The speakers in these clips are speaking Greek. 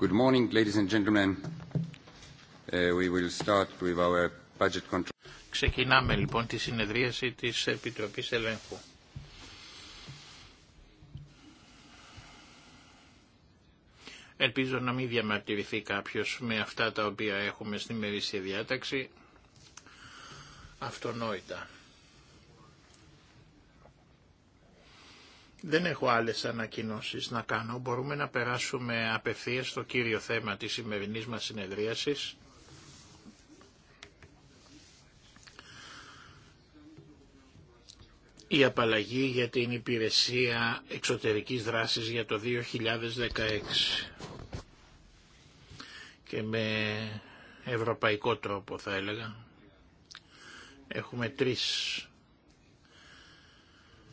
Good morning, Ξεκινάμε λοιπόν τη συνεδρίαση της Επιτροπής Ελέγχου. Ελπίζω να μην διαμαρτυρηθεί κάποιος με αυτά τα οποία έχουμε στη μερίσια διάταξη αυτονόητα. Δεν έχω άλλες ανακοινώσεις να κάνω. Μπορούμε να περάσουμε απευθείας στο κύριο θέμα της σημερινής μας συνεδρίασης. Η απαλλαγή για την υπηρεσία εξωτερικής δράσης για το 2016 και με ευρωπαϊκό τρόπο θα έλεγα. Έχουμε τρεις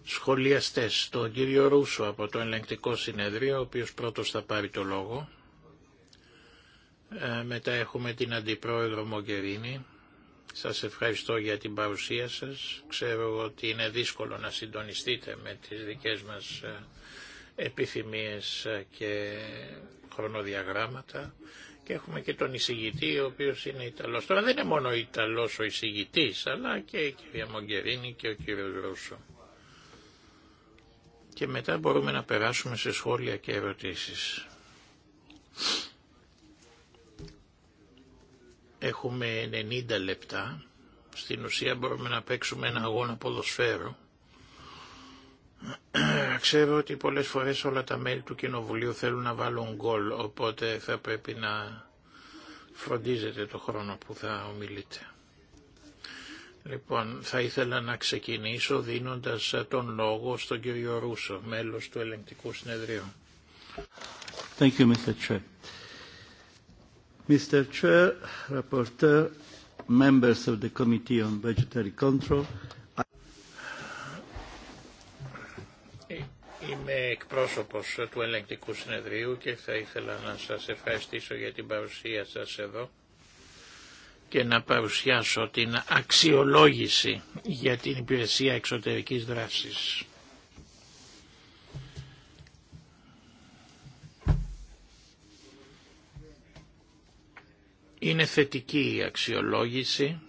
σχολιαστές, τον κύριο Ρούσο από το ελεγκτικό συνεδρίο, ο οποίος πρώτος θα πάρει το λόγο. Ε, μετά έχουμε την Αντιπρόεδρο Μογκερίνη. Σας ευχαριστώ για την παρουσία σας. Ξέρω ότι είναι δύσκολο να συντονιστείτε με τις δικές μας ε, επιθυμίες ε, και χρονοδιαγράμματα. Και έχουμε και τον εισηγητή, ο οποίος είναι Ιταλός. Τώρα δεν είναι μόνο Ιταλός ο εισηγητής, αλλά και η κυρία Μογκερίνη και ο κύριος Ρούσο και μετά μπορούμε να περάσουμε σε σχόλια και ερωτήσεις. Έχουμε 90 λεπτά. Στην ουσία μπορούμε να παίξουμε ένα αγώνα ποδοσφαίρου. Ξέρω ότι πολλές φορές όλα τα μέλη του Κοινοβουλίου θέλουν να βάλουν γκολ, οπότε θα πρέπει να φροντίζετε το χρόνο που θα ομιλείτε. Λοιπόν, θα ήθελα να ξεκινήσω δίνοντας τον λόγο στον κύριο Ρούσο, μέλος του Ελεγκτικού Συνεδρίου. Thank you, Mr. Chair. Mr. Chair, Rapporteur, members of the Committee on Budgetary Control, Είμαι εκπρόσωπος του Ελεγκτικού Συνεδρίου και θα ήθελα να σας ευχαριστήσω για την παρουσία σας εδώ και να παρουσιάσω την αξιολόγηση για την υπηρεσία εξωτερικής δράσης. Είναι θετική η αξιολόγηση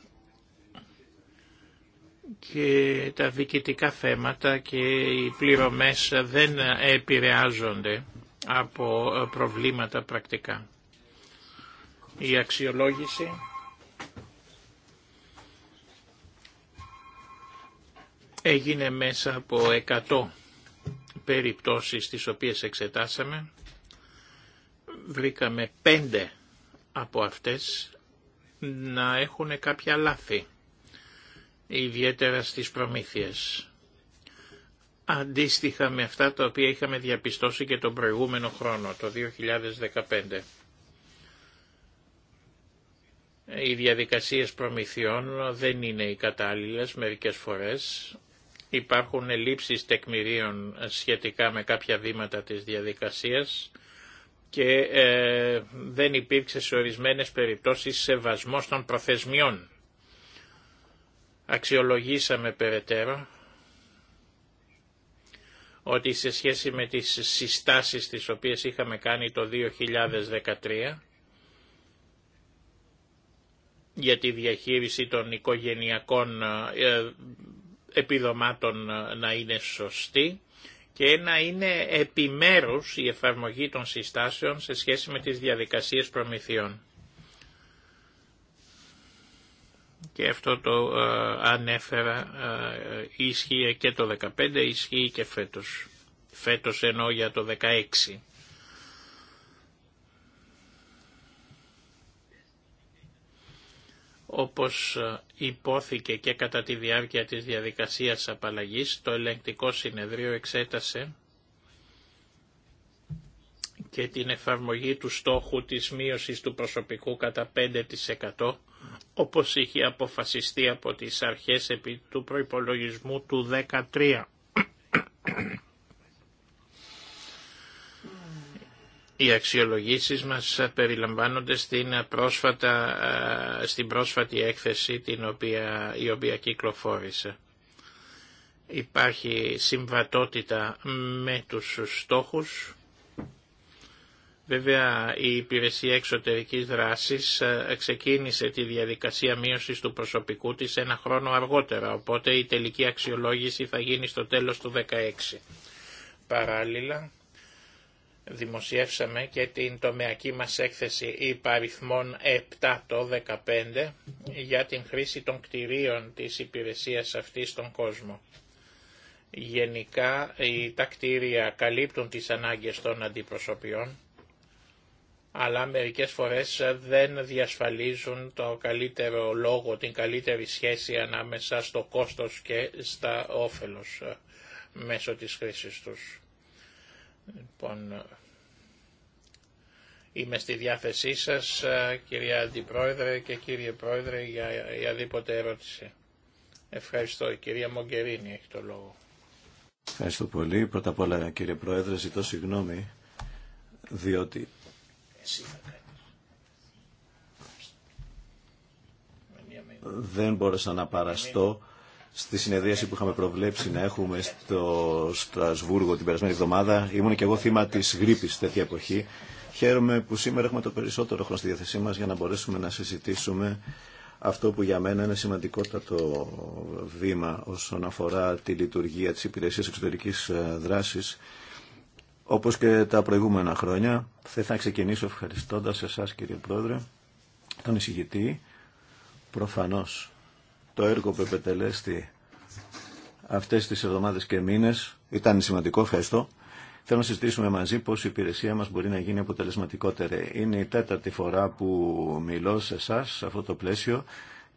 και τα διοικητικά θέματα και οι πληρωμές δεν επηρεάζονται από προβλήματα πρακτικά. Η αξιολόγηση έγινε μέσα από 100 περιπτώσεις τις οποίες εξετάσαμε. Βρήκαμε 5 από αυτές να έχουν κάποια λάθη, ιδιαίτερα στις προμήθειες. Αντίστοιχα με αυτά τα οποία είχαμε διαπιστώσει και τον προηγούμενο χρόνο, το 2015. Οι διαδικασίες προμηθειών δεν είναι οι κατάλληλες μερικές φορές, Υπάρχουν ελλείψεις τεκμηρίων σχετικά με κάποια βήματα της διαδικασίας και ε, δεν υπήρξε σε ορισμένες περιπτώσεις σεβασμός των προθεσμιών. Αξιολογήσαμε περαιτέρω ότι σε σχέση με τις συστάσεις τις οποίες είχαμε κάνει το 2013 για τη διαχείριση των οικογενειακών ε, επιδομάτων ε, να είναι σωστοί και να είναι επιμέρους η εφαρμογή των συστάσεων σε σχέση με τις διαδικασίες προμηθειών. Και αυτό το ε, ανέφερα ε, ίσχυε και το 2015 ισχύει και φέτος. Φέτος εννοώ για το 2016. Όπως ε, υπόθηκε και κατά τη διάρκεια της διαδικασίας απαλλαγής, το ελεγκτικό συνεδρίο εξέτασε και την εφαρμογή του στόχου της μείωσης του προσωπικού κατά 5% όπως είχε αποφασιστεί από τις αρχές επί του προϋπολογισμού του 13. Οι αξιολογήσεις μας περιλαμβάνονται στην, πρόσφατα, ε, στην πρόσφατη έκθεση την οποία, η οποία κυκλοφόρησε. Υπάρχει συμβατότητα με τους στόχους. Βέβαια η Υπηρεσία Εξωτερικής Δράσης ε, ξεκίνησε τη διαδικασία μείωσης του προσωπικού της ένα χρόνο αργότερα, οπότε η τελική αξιολόγηση θα γίνει στο τέλος του 2016. Παράλληλα, δημοσιεύσαμε και την τομεακή μας έκθεση υπαριθμών 7 το 15 για την χρήση των κτηρίων της υπηρεσίας αυτής στον κόσμο. Γενικά τα κτίρια καλύπτουν τις ανάγκες των αντιπροσωπιών, αλλά μερικές φορές δεν διασφαλίζουν το καλύτερο λόγο, την καλύτερη σχέση ανάμεσα στο κόστος και στα όφελος ε, μέσω της χρήσης τους. Λοιπόν, είμαι στη διάθεσή σας, κυρία Αντιπρόεδρε και κύριε Πρόεδρε, για οποιαδήποτε ερώτηση. Ευχαριστώ. Η κυρία Μογκερίνη έχει το λόγο. Ευχαριστώ πολύ. Πρώτα απ' όλα, κύριε Πρόεδρε, ζητώ συγγνώμη, διότι... Εσύ δεν μπόρεσα να παραστώ στη συνεδρίαση που είχαμε προβλέψει να έχουμε στο Στρασβούργο την περασμένη εβδομάδα. Ήμουν και εγώ θύμα τη γρήπη τέτοια εποχή. Χαίρομαι που σήμερα έχουμε το περισσότερο χρόνο στη διάθεσή μα για να μπορέσουμε να συζητήσουμε αυτό που για μένα είναι σημαντικότατο βήμα όσον αφορά τη λειτουργία της υπηρεσίας εξωτερικής ε, δράσης. Όπως και τα προηγούμενα χρόνια, θα ήθελα να ξεκινήσω ευχαριστώντας εσάς κύριε Πρόεδρε, τον εισηγητή, προφανώς το έργο που επετελέστη αυτές τις εβδομάδες και μήνες ήταν σημαντικό, ευχαριστώ. Θέλω να συζητήσουμε μαζί πώς η υπηρεσία μας μπορεί να γίνει αποτελεσματικότερη. Είναι η τέταρτη φορά που μιλώ σε εσά σε αυτό το πλαίσιο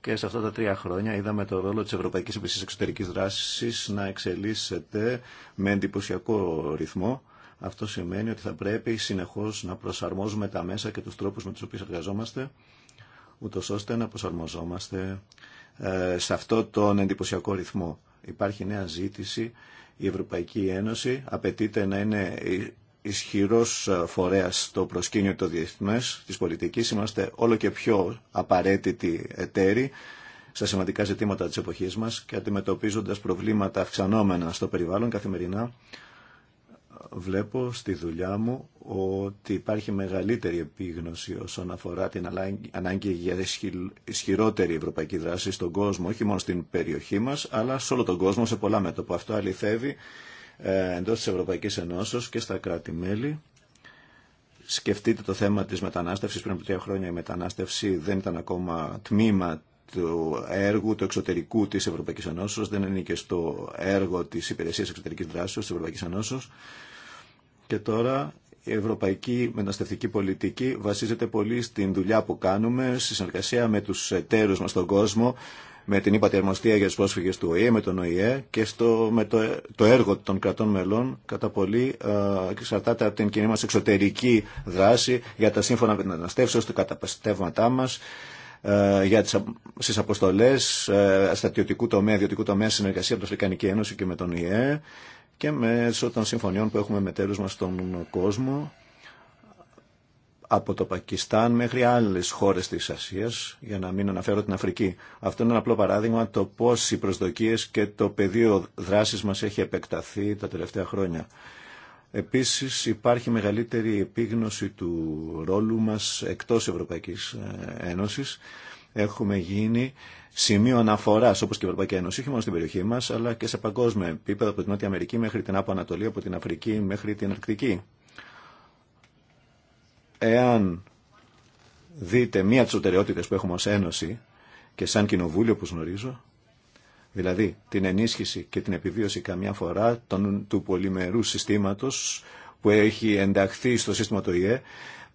και σε αυτά τα τρία χρόνια είδαμε το ρόλο της Ευρωπαϊκής Υπηρεσίας Εξωτερικής Δράσης να εξελίσσεται με εντυπωσιακό ρυθμό. Αυτό σημαίνει ότι θα πρέπει συνεχώς να προσαρμόζουμε τα μέσα και τους τρόπους με τους οποίου εργαζόμαστε, ούτως ώστε να προσαρμοζόμαστε ε, σε αυτό τον εντυπωσιακό ρυθμό. Υπάρχει νέα ζήτηση, η Ευρωπαϊκή Ένωση απαιτείται να είναι ισχυρός ε, φορέας στο προσκήνιο το Διεθνέ της Πολιτική. Είμαστε όλο και πιο απαραίτητοι εταίροι στα σημαντικά ζητήματα της εποχής μας και αντιμετωπίζοντα προβλήματα αυξανόμενα στο περιβάλλον καθημερινά βλέπω στη δουλειά μου ότι υπάρχει μεγαλύτερη επίγνωση όσον αφορά την ανάγκη για ισχυρότερη ευρωπαϊκή δράση στον κόσμο, όχι μόνο στην περιοχή μας, αλλά σε όλο τον κόσμο, σε πολλά μέτωπα. Αυτό αληθεύει ε, εντός της Ευρωπαϊκής Ενώσεως και στα κράτη-μέλη. Σκεφτείτε το θέμα της μετανάστευσης. Πριν από τρία χρόνια η μετανάστευση δεν ήταν ακόμα τμήμα του έργου του εξωτερικού τη Ευρωπαϊκή Ενώσεω, δεν είναι και στο έργο τη υπηρεσία εξωτερική δράση τη Ευρωπαϊκή Ενώσεω. Και τώρα η ευρωπαϊκή μεταναστευτική πολιτική βασίζεται πολύ στην δουλειά που κάνουμε, στη συνεργασία με του εταίρου μα στον κόσμο, με την υπατερμοστία για τους πρόσφυγε του ΟΗΕ, με τον ΟΗΕ και στο, με το, το έργο των κρατών μελών κατά πολύ εξαρτάται από την κοινή μα εξωτερική δράση για τα σύμφωνα μεταναστεύσεως, τα καταπαστεύματά μας, για τις, στις αποστολές ε, στρατιωτικού τομέα, ιδιωτικού τομέα συνεργασία από την Αφρικανική Ένωση και με τον ΟΗΕ και μέσω των συμφωνιών που έχουμε με μας στον κόσμο από το Πακιστάν μέχρι άλλες χώρες της Ασίας, για να μην αναφέρω την Αφρική. Αυτό είναι ένα απλό παράδειγμα το πώς οι προσδοκίες και το πεδίο δράσης μας έχει επεκταθεί τα τελευταία χρόνια. Επίσης υπάρχει μεγαλύτερη επίγνωση του ρόλου μας εκτός Ευρωπαϊκής ε, Ένωσης. Έχουμε γίνει σημείο αναφορά όπω και η Ευρωπαϊκή Ένωση, όχι μόνο στην περιοχή μα, αλλά και σε παγκόσμιο επίπεδο από την Νότια Αμερική μέχρι την Άπο Ανατολή, από την Αφρική μέχρι την Αρκτική. Εάν δείτε μία από τι που έχουμε ω Ένωση και σαν Κοινοβούλιο, όπω γνωρίζω, δηλαδή την ενίσχυση και την επιβίωση καμιά φορά των, του πολυμερού συστήματο που έχει ενταχθεί στο σύστημα του ΙΕ,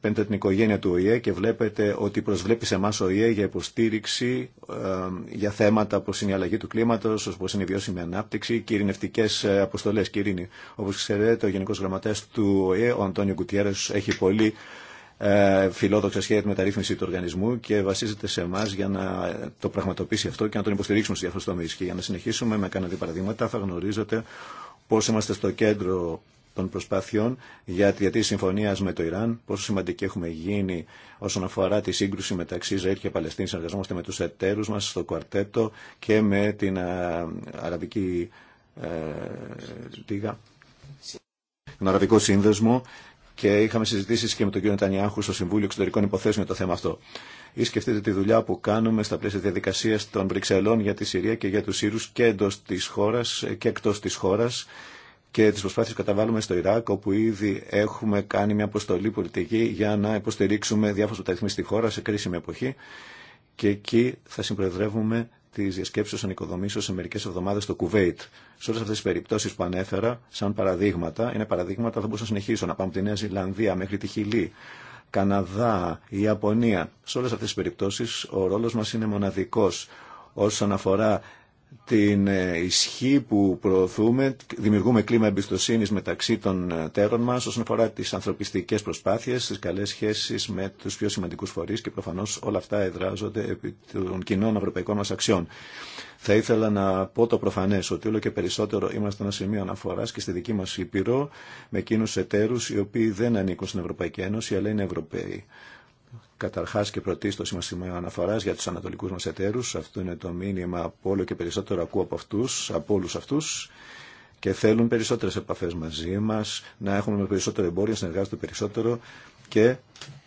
Παίρνετε την οικογένεια του ΟΗΕ και βλέπετε ότι προσβλέπει σε εμά ο ΟΗΕ για υποστήριξη ε, για θέματα όπω είναι η αλλαγή του κλίματο, όπω είναι η βιώσιμη ανάπτυξη και ειρηνευτικέ ε, αποστολέ. Κύριε, όπω ξέρετε, ο Γενικό Γραμματέα του ΟΗΕ, ο Αντώνιο Κουτιέρε, έχει πολύ ε, φιλόδοξα σχέδια τη μεταρρύθμιση του οργανισμού και βασίζεται σε εμά για να το πραγματοποιήσει αυτό και να τον υποστηρίξουμε σε διάφορου τομεί. Και για να συνεχίσουμε με κανένα δύο παραδείγματα, θα γνωρίζετε πώ είμαστε στο κέντρο των προσπάθειών για τη διατήρηση συμφωνία με το Ιράν, πόσο σημαντική έχουμε γίνει όσον αφορά τη σύγκρουση μεταξύ Ισραήλ και Παλαιστίνη. Συνεργαζόμαστε με του εταίρου μα στο Κουαρτέτο και με την Αραβική ε, τον Αραβικό Σύνδεσμο και είχαμε συζητήσει και με τον κύριο Νετανιάχου στο Συμβούλιο Εξωτερικών Υποθέσεων για το θέμα αυτό. Ή σκεφτείτε τη δουλειά που κάνουμε στα πλαίσια διαδικασία των Βρυξελών για τη Συρία και για του Σύρου και εντό τη χώρα και εκτό τη χώρα και τις προσπάθειες που καταβάλουμε στο Ιράκ, όπου ήδη έχουμε κάνει μια αποστολή πολιτική για να υποστηρίξουμε διάφορες μεταρρυθμίσεις στη χώρα σε κρίσιμη εποχή και εκεί θα συμπροεδρεύουμε τις διασκέψει των οικοδομήσεων σε μερικές εβδομάδες στο Κουβέιτ. Σε όλε αυτέ τι περιπτώσει που ανέφερα, σαν παραδείγματα, είναι παραδείγματα που θα μπορούσα να συνεχίσω να πάμε από τη Νέα Ζηλανδία μέχρι τη Χιλή, Καναδά, η Ιαπωνία. Σε όλε αυτέ τι περιπτώσει ο ρόλο μα είναι μοναδικό όσον αφορά την ε, ισχύ που προωθούμε, δημιουργούμε κλίμα εμπιστοσύνη μεταξύ των ε, τέρων μα όσον αφορά τι ανθρωπιστικέ προσπάθειε, τι καλέ σχέσει με του πιο σημαντικού φορεί και προφανώ όλα αυτά εδράζονται επί των κοινών ευρωπαϊκών μα αξιών. Θα ήθελα να πω το προφανέ ότι όλο και περισσότερο είμαστε ένα σημείο αναφορά και στη δική μα Ήπειρο με εκείνου εταίρου οι οποίοι δεν ανήκουν στην Ευρωπαϊκή Ένωση αλλά είναι Ευρωπαίοι. Καταρχάς και πρωτίστως είμαστε σημείο αναφοράς για τους ανατολικούς μας εταίρους. Αυτό είναι το μήνυμα που όλο και περισσότερο ακούω από αυτούς, από όλους αυτούς και θέλουν περισσότερες επαφές μαζί μας, να έχουμε περισσότερο εμπόριο, να συνεργάζονται περισσότερο και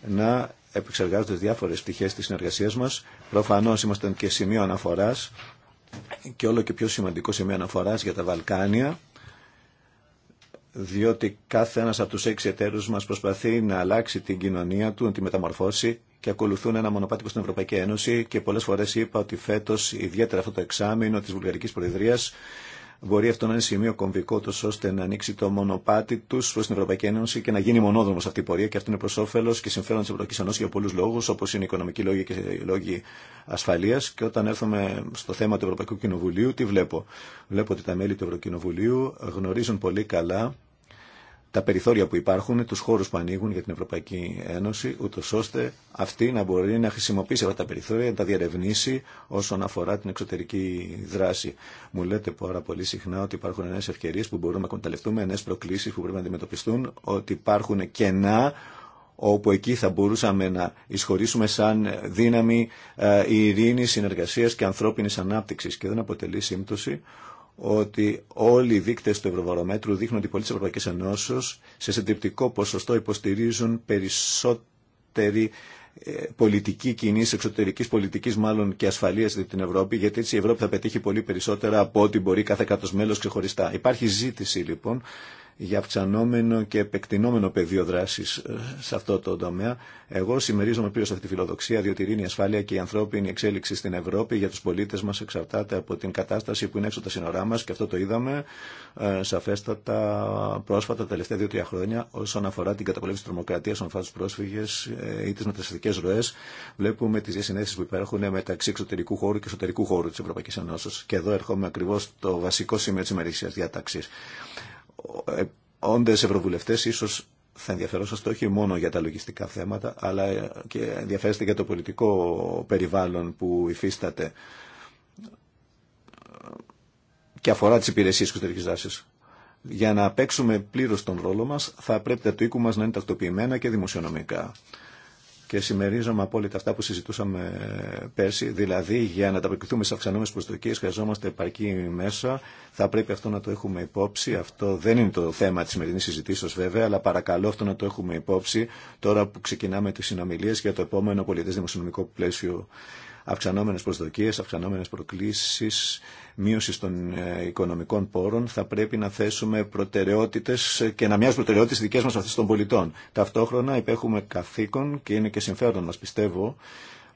να επεξεργάζονται διάφορες πτυχές της συνεργασίας μας. Προφανώς είμαστε και σημείο αναφοράς και όλο και πιο σημαντικό σημείο αναφοράς για τα Βαλκάνια διότι κάθε ένας από τους έξι εταίρους μας προσπαθεί να αλλάξει την κοινωνία του, να τη μεταμορφώσει και ακολουθούν ένα μονοπάτι στην Ευρωπαϊκή Ένωση και πολλές φορές είπα ότι φέτος, ιδιαίτερα αυτό το εξάμεινο της Βουλγαρικής Προεδρίας, μπορεί αυτό να είναι σημείο κομβικό τους ώστε να ανοίξει το μονοπάτι του προ την Ευρωπαϊκή Ένωση και να γίνει μονόδρομο αυτή η πορεία και αυτό είναι προ όφελο και συμφέρον τη Ευρωπαϊκή Ένωση για πολλού λόγου, όπω είναι οι οικονομικοί λόγοι και οι λόγοι ασφαλεία. και όταν έρθουμε στο θέμα του Ευρωπαϊκού Κοινοβουλίου τι βλέπω. Βλέπω ότι τα μέλη του Ευρωκοινοβουλίου γνωρίζουν πολύ καλά τα περιθώρια που υπάρχουν, τους χώρους που ανοίγουν για την Ευρωπαϊκή Ένωση, ούτω ώστε αυτή να μπορεί να χρησιμοποιήσει αυτά τα περιθώρια, να τα διαρευνήσει όσον αφορά την εξωτερική δράση. Μου λέτε πάρα πολύ συχνά ότι υπάρχουν νέες ευκαιρίες που μπορούμε να κονταλευτούμε, νέες προκλήσεις που πρέπει να αντιμετωπιστούν, ότι υπάρχουν κενά όπου εκεί θα μπορούσαμε να εισχωρήσουμε σαν δύναμη ε, ειρήνη συνεργασίας και ανθρώπινης ανάπτυξη και δεν αποτελεί σύμπτωση ότι όλοι οι δείκτες του Ευρωβαρομέτρου δείχνουν ότι οι πολίτες της Ευρωπαϊκής σε συντριπτικό ποσοστό υποστηρίζουν περισσότερη ε, πολιτική κοινή εξωτερικής πολιτικής μάλλον και ασφαλείας την Ευρώπη, γιατί έτσι η Ευρώπη θα πετύχει πολύ περισσότερα από ό,τι μπορεί κάθε κράτος μέλος ξεχωριστά. Υπάρχει ζήτηση λοιπόν για αυξανόμενο και επεκτηνόμενο πεδίο δράση ε, σε αυτό το τομέα. Εγώ συμμερίζομαι πλήρω αυτή τη φιλοδοξία, διότι η ειρήνη, η ασφάλεια και η ανθρώπινη εξέλιξη στην Ευρώπη για του πολίτε μα εξαρτάται από την κατάσταση που είναι έξω τα σύνορά μα και αυτό το είδαμε ε, σαφέστατα πρόσφατα τα τελευταία δύο-τρία χρόνια όσον αφορά την καταπολέμηση τη τρομοκρατία, όσον αφορά του πρόσφυγε ε, ή τι μεταστατικέ ροέ. Βλέπουμε τι διασυνέσει που υπάρχουν μεταξύ εξωτερικού χώρου και εσωτερικού χώρου τη Ευρωπαϊκή Ενώσεω. Και εδώ έρχομαι ακριβώ το βασικό σημείο τη ημερήσια διάταξη όντες ευρωβουλευτές ίσως θα ενδιαφερόσαστε όχι μόνο για τα λογιστικά θέματα, αλλά και ενδιαφέρεστε για το πολιτικό περιβάλλον που υφίσταται και αφορά τις υπηρεσίες εξωτερικής δράσης. Για να παίξουμε πλήρως τον ρόλο μας, θα πρέπει τα του οίκου μας να είναι τακτοποιημένα και δημοσιονομικά και συμμερίζομαι απόλυτα αυτά που συζητούσαμε πέρσι. Δηλαδή, για να ανταποκριθούμε στι αυξανόμενε προσδοκίε, χρειαζόμαστε επαρκή μέσα. Θα πρέπει αυτό να το έχουμε υπόψη. Αυτό δεν είναι το θέμα τη σημερινή συζητήσεω, βέβαια, αλλά παρακαλώ αυτό να το έχουμε υπόψη τώρα που ξεκινάμε τι συνομιλίε για το επόμενο πολιτέ δημοσιονομικό πλαίσιο αυξανόμενε προσδοκίε, αυξανόμενε προκλήσει, μείωση των ε, οικονομικών πόρων, θα πρέπει να θέσουμε προτεραιότητε και να μοιάζουν προτεραιότητε δικέ μα αυτέ των πολιτών. Ταυτόχρονα υπέχουμε καθήκον και είναι και συμφέρον μα πιστεύω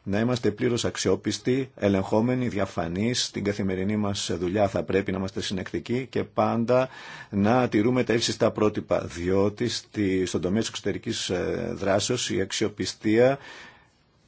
να είμαστε πλήρω αξιόπιστοι, ελεγχόμενοι, διαφανεί στην καθημερινή μα δουλειά. Θα πρέπει να είμαστε συνεκτικοί και πάντα να τηρούμε τα ύψιστα πρότυπα, διότι στη, στον τομέα τη εξωτερική ε, δράσεω η αξιοπιστία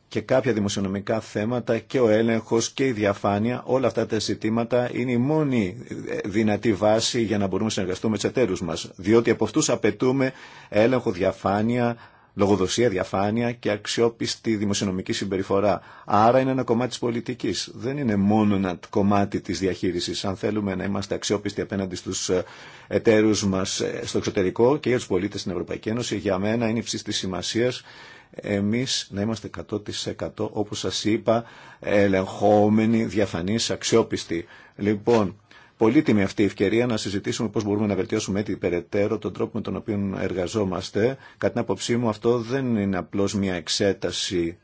και κάποια δημοσιονομικά θέματα και ο έλεγχος και η διαφάνεια, όλα αυτά τα ζητήματα είναι η μόνη ε, δυνατή βάση για να μπορούμε να συνεργαστούμε με τους εταίρους μας. Διότι από αυτού απαιτούμε έλεγχο, διαφάνεια, λογοδοσία, διαφάνεια και αξιόπιστη δημοσιονομική συμπεριφορά. Άρα είναι ένα κομμάτι της πολιτικής. Δεν είναι μόνο ένα κομμάτι της διαχείρισης. Αν θέλουμε να είμαστε αξιόπιστοι απέναντι στους ε, εταίρους μας ε, στο εξωτερικό και για τους πολίτες στην Ευρωπαϊκή Ένωση, για μένα είναι υψής της σημασίας εμείς να είμαστε 100% όπως σας είπα ελεγχόμενοι, διαφανείς, αξιόπιστοι. Λοιπόν, πολύτιμη αυτή η ευκαιρία να συζητήσουμε πώς μπορούμε να βελτιώσουμε έτσι περαιτέρω τον τρόπο με τον οποίο εργαζόμαστε. Κατά την άποψή μου αυτό δεν είναι απλώς μια εξέταση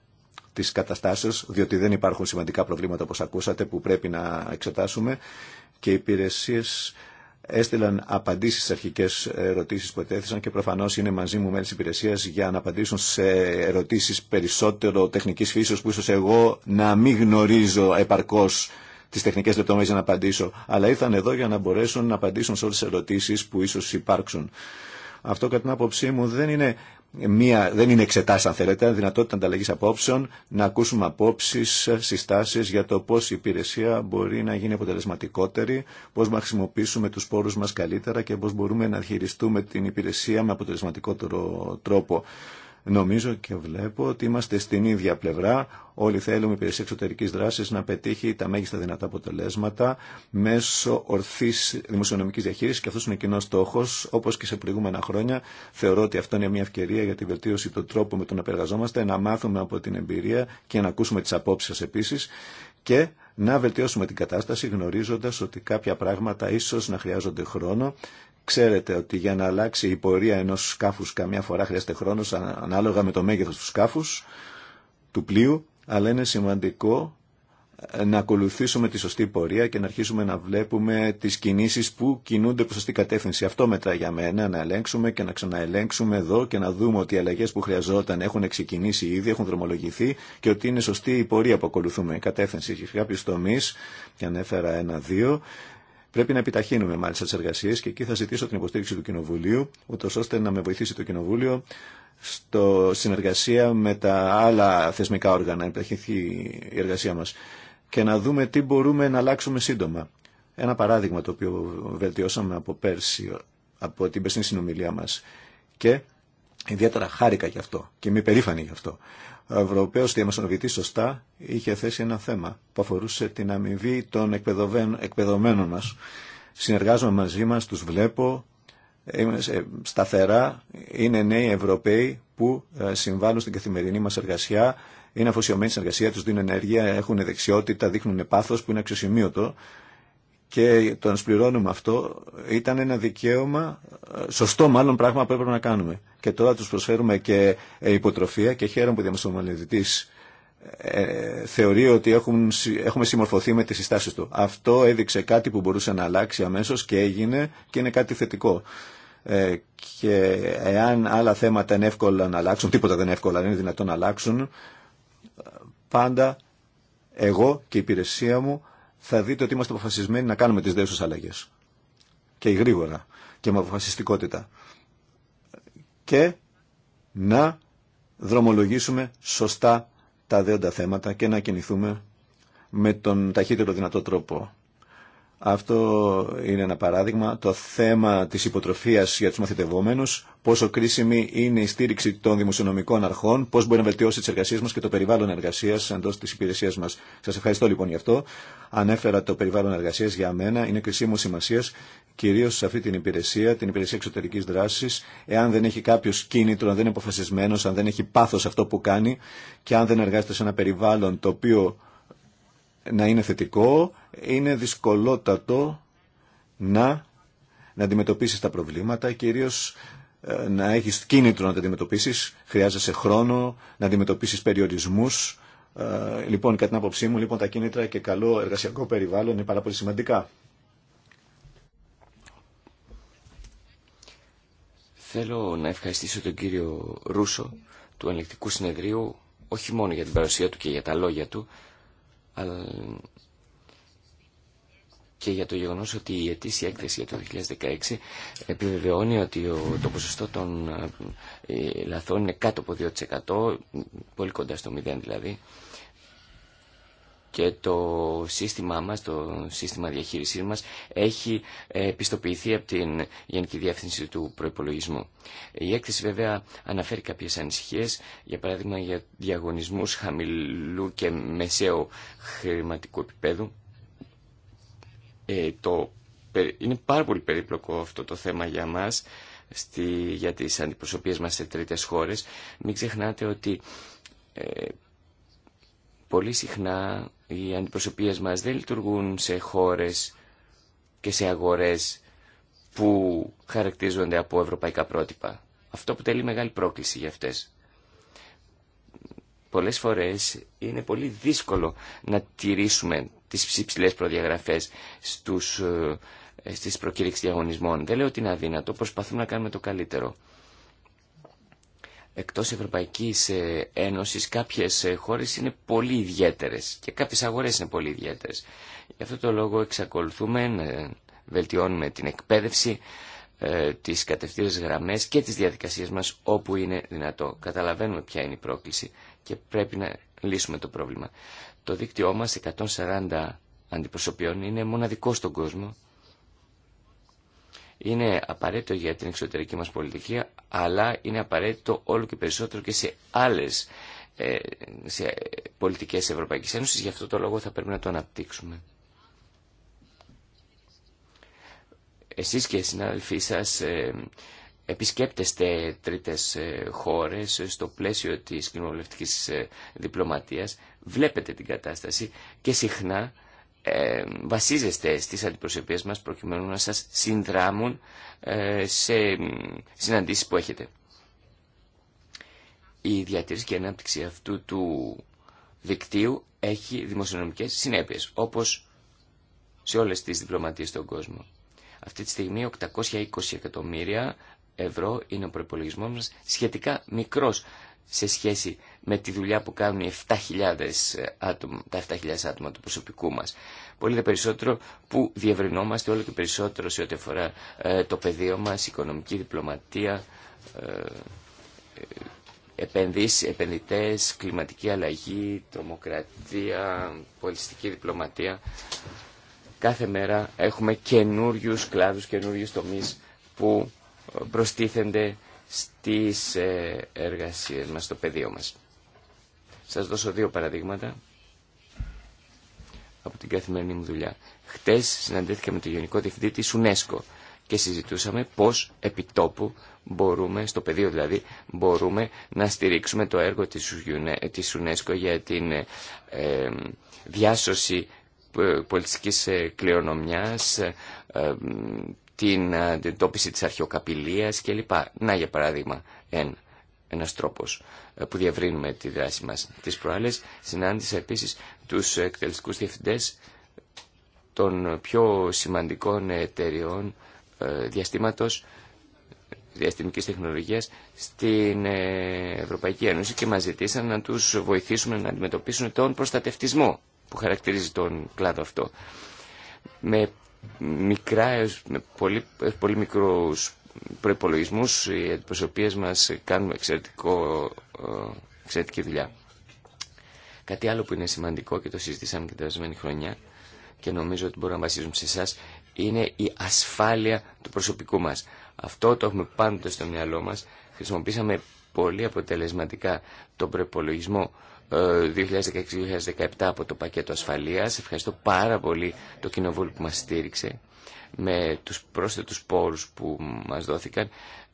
της καταστάσεως, διότι δεν υπάρχουν σημαντικά προβλήματα όπως ακούσατε που πρέπει να εξετάσουμε και οι υπηρεσίες έστειλαν απαντήσεις στις αρχικές ερωτήσεις που ετέθησαν και προφανώς είναι μαζί μου μέλη τη υπηρεσίας για να απαντήσουν σε ερωτήσεις περισσότερο τεχνικής φύσης που ίσως εγώ να μην γνωρίζω επαρκώς τις τεχνικές λεπτομέρειες για να απαντήσω, αλλά ήρθαν εδώ για να μπορέσουν να απαντήσουν σε όλες τις ερωτήσεις που ίσως υπάρξουν. Αυτό κατά την άποψή μου δεν είναι μία, δεν είναι εξετάσει αν θέλετε, δυνατότητα ανταλλαγής απόψεων, να ακούσουμε απόψεις, συστάσεις για το πώς η υπηρεσία μπορεί να γίνει αποτελεσματικότερη, πώς να χρησιμοποιήσουμε τους πόρους μας καλύτερα και πώς μπορούμε να χειριστούμε την υπηρεσία με αποτελεσματικότερο τρόπο. Νομίζω και βλέπω ότι είμαστε στην ίδια πλευρά. Όλοι θέλουμε η υπηρεσία εξωτερική δράση να πετύχει τα μέγιστα δυνατά αποτελέσματα μέσω ορθή δημοσιονομική διαχείριση και αυτό είναι ο κοινό στόχο. Όπω και σε προηγούμενα χρόνια, θεωρώ ότι αυτό είναι μια ευκαιρία για τη βελτίωση του τρόπου με τον οποίο εργαζόμαστε, να μάθουμε από την εμπειρία και να ακούσουμε τι απόψει σα επίση και να βελτιώσουμε την κατάσταση γνωρίζοντας ότι κάποια πράγματα ίσως να χρειάζονται χρόνο Ξέρετε ότι για να αλλάξει η πορεία ενός σκάφους καμιά φορά χρειάζεται χρόνος ανάλογα με το μέγεθος του σκάφους, του πλοίου, αλλά είναι σημαντικό ε, να ακολουθήσουμε τη σωστή πορεία και να αρχίσουμε να βλέπουμε τις κινήσεις που κινούνται προς σωστή κατεύθυνση. Αυτό μετρά για μένα να ελέγξουμε και να ξαναελέγξουμε εδώ και να δούμε ότι οι αλλαγές που χρειαζόταν έχουν ξεκινήσει ήδη, έχουν δρομολογηθεί και ότι είναι σωστή η πορεία που ακολουθούμε. Η κατεύθυνση έχει κάποιου τομεί, και ανέφερα ένα-δύο, Πρέπει να επιταχύνουμε μάλιστα τι εργασίε και εκεί θα ζητήσω την υποστήριξη του Κοινοβουλίου, ούτω ώστε να με βοηθήσει το Κοινοβούλιο στο συνεργασία με τα άλλα θεσμικά όργανα, να επιταχυνθεί η εργασία μα και να δούμε τι μπορούμε να αλλάξουμε σύντομα. Ένα παράδειγμα το οποίο βελτιώσαμε από πέρσι, από την περσινή συνομιλία μα. Και Ιδιαίτερα χάρηκα γι' αυτό και είμαι περήφανη γι' αυτό. Ο Ευρωπαίος διαμεσονοβητής σωστά είχε θέσει ένα θέμα που αφορούσε την αμοιβή των εκπαιδευμένων μας. Συνεργάζομαι μαζί μας, τους βλέπω, είμαστε σταθερά, είναι νέοι Ευρωπαίοι που ε, συμβάλλουν στην καθημερινή μας εργασία, είναι αφοσιωμένοι στην εργασία τους, δίνουν ενέργεια, έχουν δεξιότητα, δείχνουν πάθος που είναι αξιοσημείωτο και το να σπληρώνουμε αυτό ήταν ένα δικαίωμα, σωστό μάλλον πράγμα που έπρεπε να κάνουμε. Και τώρα τους προσφέρουμε και ε, υποτροφία και χαίρομαι που διαμεσομαλιδητής ε, θεωρεί ότι έχουν, έχουμε συμμορφωθεί με τις συστάσεις του. Αυτό έδειξε κάτι που μπορούσε να αλλάξει αμέσως και έγινε και είναι κάτι θετικό. Ε, και εάν άλλα θέματα είναι εύκολα να αλλάξουν, τίποτα δεν είναι εύκολα, δεν είναι δυνατόν να αλλάξουν, πάντα εγώ και η υπηρεσία μου θα δείτε ότι είμαστε αποφασισμένοι να κάνουμε τις δέουσες αλλαγές. Και γρήγορα και με αποφασιστικότητα. Και να δρομολογήσουμε σωστά τα δέοντα θέματα και να κινηθούμε με τον ταχύτερο δυνατό τρόπο. Αυτό είναι ένα παράδειγμα. Το θέμα της υποτροφίας για τους μαθητευόμενους, πόσο κρίσιμη είναι η στήριξη των δημοσιονομικών αρχών, πώς μπορεί να βελτιώσει τις εργασίες μας και το περιβάλλον εργασίας εντός της υπηρεσίας μας. Σας ευχαριστώ λοιπόν γι' αυτό. Ανέφερα το περιβάλλον εργασίας για μένα, είναι κρισίμο σημασία κυρίως σε αυτή την υπηρεσία, την υπηρεσία εξωτερικής δράσης, εάν δεν έχει κάποιο κίνητρο, αν δεν είναι αποφασισμένος, αν δεν έχει πάθος αυτό που κάνει και αν δεν εργάζεται σε ένα περιβάλλον το οποίο να είναι θετικό, είναι δυσκολότατο να, να αντιμετωπίσεις τα προβλήματα, κυρίως ε, να έχεις κίνητρο να τα αντιμετωπίσεις, χρειάζεσαι χρόνο, να αντιμετωπίσεις περιορισμούς. Ε, λοιπόν, κατά την άποψή μου, λοιπόν, τα κίνητρα και καλό εργασιακό περιβάλλον είναι πάρα πολύ σημαντικά. Θέλω να ευχαριστήσω τον κύριο Ρούσο του Ελεκτικού Συνεδρίου, όχι μόνο για την παρουσία του και για τα λόγια του, αλλά και για το γεγονός ότι η ετήσια έκθεση για το 2016 επιβεβαιώνει ότι το ποσοστό των ε, λαθών είναι κάτω από 2%, πολύ κοντά στο 0 δηλαδή, και το σύστημά μας, το σύστημα διαχείρισής μας έχει ε, επιστοποιηθεί από την Γενική Διεύθυνση του Προϋπολογισμού. Η έκθεση βέβαια αναφέρει κάποιες ανησυχίες, για παράδειγμα για διαγωνισμούς χαμηλού και μεσαίου χρηματικού επίπεδου. Ε, το, είναι πάρα πολύ περίπλοκο αυτό το θέμα για μας, στη, για τις αντιπροσωπίες μας σε τρίτες χώρες. Μην ξεχνάτε ότι ε, Πολύ συχνά οι αντιπροσωπείες μας δεν λειτουργούν σε χώρες και σε αγορές που χαρακτηρίζονται από ευρωπαϊκά πρότυπα. Αυτό αποτελεί μεγάλη πρόκληση για αυτές. Πολλές φορές είναι πολύ δύσκολο να τηρήσουμε τις υψηλές προδιαγραφές στους, ε, στις προκήρυξεις διαγωνισμών. Δεν λέω ότι είναι αδύνατο, προσπαθούμε να κάνουμε το καλύτερο εκτός Ευρωπαϊκής ε, Ένωσης κάποιες ε, χώρες είναι πολύ ιδιαίτερες και κάποιες αγορές είναι πολύ ιδιαίτερες. Γι' αυτό το λόγο εξακολουθούμε να βελτιώνουμε την εκπαίδευση, τι ε, τις κατευθύνες γραμμές και τις διαδικασίες μας όπου είναι δυνατό. Καταλαβαίνουμε ποια είναι η πρόκληση και πρέπει να λύσουμε το πρόβλημα. Το δίκτυό μας 140 αντιπροσωπιών είναι μοναδικό στον κόσμο είναι απαραίτητο για την εξωτερική μας πολιτική, αλλά είναι απαραίτητο όλο και περισσότερο και σε άλλες ε, σε πολιτικές Ευρωπαϊκής Ένωσης. Γι' αυτό το λόγο θα πρέπει να το αναπτύξουμε. Εσείς και οι συνάδελφοί σας ε, επισκέπτεστε τρίτες ε, χώρες στο πλαίσιο της κοινοβουλευτικής διπλωματίας, βλέπετε την κατάσταση και συχνά ε, βασίζεστε στις αντιπροσωπίες μας προκειμένου να σας συνδράμουν ε, σε συναντήσεις που έχετε. Η διατήρηση και ανάπτυξη αυτού του δικτύου έχει δημοσιονομικές συνέπειες, όπως σε όλες τις διπλωματίες στον κόσμο. Αυτή τη στιγμή 820 εκατομμύρια ευρώ είναι ο προπολογισμό μας σχετικά μικρός σε σχέση με τη δουλειά που κάνουν οι 7.000 άτομα, τα 7.000 άτομα του προσωπικού μας. Πολύ περισσότερο που διευρυνόμαστε όλο και περισσότερο σε ό,τι αφορά ε, το πεδίο μας, οικονομική διπλωματία, ε, ε, επενδύσεις, επενδυτές, κλιματική αλλαγή, τρομοκρατία, πολιτιστική διπλωματία. Κάθε μέρα έχουμε καινούριους κλάδους, καινούριους τομείς που ε, προστίθενται στις ε, εργασίες μας, στο πεδίο μας. Σας δώσω δύο παραδείγματα από την καθημερινή μου δουλειά. Χτες συναντήθηκα με τον Γενικό Διευθυντή της UNESCO και συζητούσαμε πώς επιτόπου μπορούμε, στο πεδίο δηλαδή, μπορούμε να στηρίξουμε το έργο της UNESCO για την ε, διάσωση ε, πολιτιστικής κληρονομιάς, την αντιμετώπιση ε, της αρχαιοκαπηλείας κλπ. Να για παράδειγμα ένα, ένας τρόπος ε, που διαβρύνουμε τη δράση μας. Τις προάλλες συνάντησα επίσης τους εκτελεστικούς διευθυντές των πιο σημαντικών εταιριών ε, διαστήματος διαστημικής τεχνολογίας στην Ευρωπαϊκή Ένωση και μας ζητήσαν να τους βοηθήσουμε να αντιμετωπίσουν τον προστατευτισμό που χαρακτηρίζει τον κλάδο αυτό. Με μικρά με πολύ, πολύ μικρούς προϋπολογισμούς οι αντιπροσωπείες μας κάνουν εξαιρετικό, ε, εξαιρετική δουλειά. Κάτι άλλο που είναι σημαντικό και το συζητήσαμε και την περασμένη χρονιά και νομίζω ότι μπορούμε να βασίζουμε σε εσά είναι η ασφάλεια του προσωπικού μας. Αυτό το έχουμε πάντοτε στο μυαλό μας. Χρησιμοποίησαμε πολύ αποτελεσματικά τον προπολογισμό 2016-2017 ε, από το πακέτο ασφαλείας. Ευχαριστώ πάρα πολύ το κοινοβούλιο που μας στήριξε με τους πρόσθετους πόρους που μας δόθηκαν.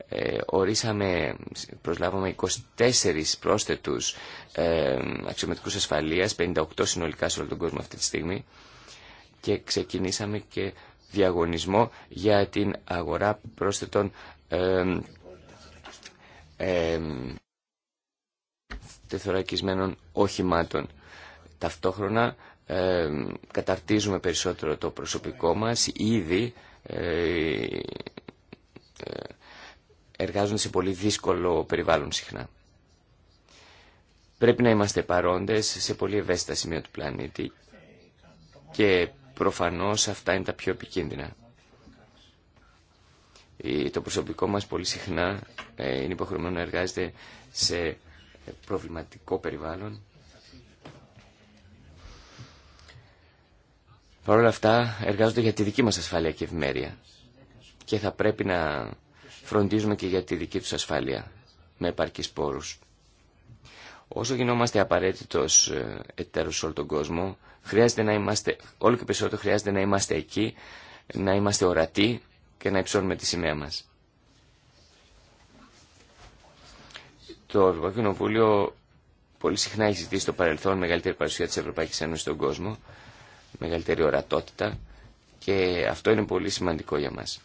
Ε, ορίσαμε, προσλάβαμε 24 πρόσθετους ε, αξιωματικούς ασφαλείας, 58 συνολικά σε όλο τον κόσμο αυτή τη στιγμή και ξεκινήσαμε και διαγωνισμό για την αγορά πρόσθετων ε, ε, τεθωρακισμένων οχημάτων. Ταυτόχρονα ε, καταρτίζουμε περισσότερο το προσωπικό μας. Ήδη ε, ε, εργάζονται σε πολύ δύσκολο περιβάλλον συχνά. Πρέπει να είμαστε παρόντες σε πολύ ευαίσθητα σημεία του πλανήτη και προφανώς αυτά είναι τα πιο επικίνδυνα. Το προσωπικό μας πολύ συχνά είναι υποχρεωμένο να εργάζεται σε προβληματικό περιβάλλον. Παρ' όλα αυτά εργάζονται για τη δική μας ασφάλεια και ευημέρεια και θα πρέπει να φροντίζουμε και για τη δική τους ασφάλεια με επαρκείς πόρους. Όσο γινόμαστε απαραίτητος ε, εταίρους σε όλο τον κόσμο, χρειάζεται να είμαστε, όλο και περισσότερο χρειάζεται να είμαστε εκεί, να είμαστε ορατοί και να υψώνουμε τη σημαία μας. Το Ευρωπαϊκό Κοινοβούλιο πολύ συχνά έχει ζητήσει στο παρελθόν μεγαλύτερη παρουσία της Ευρωπαϊκής Ένωσης στον κόσμο, μεγαλύτερη ορατότητα και αυτό είναι πολύ σημαντικό για μας.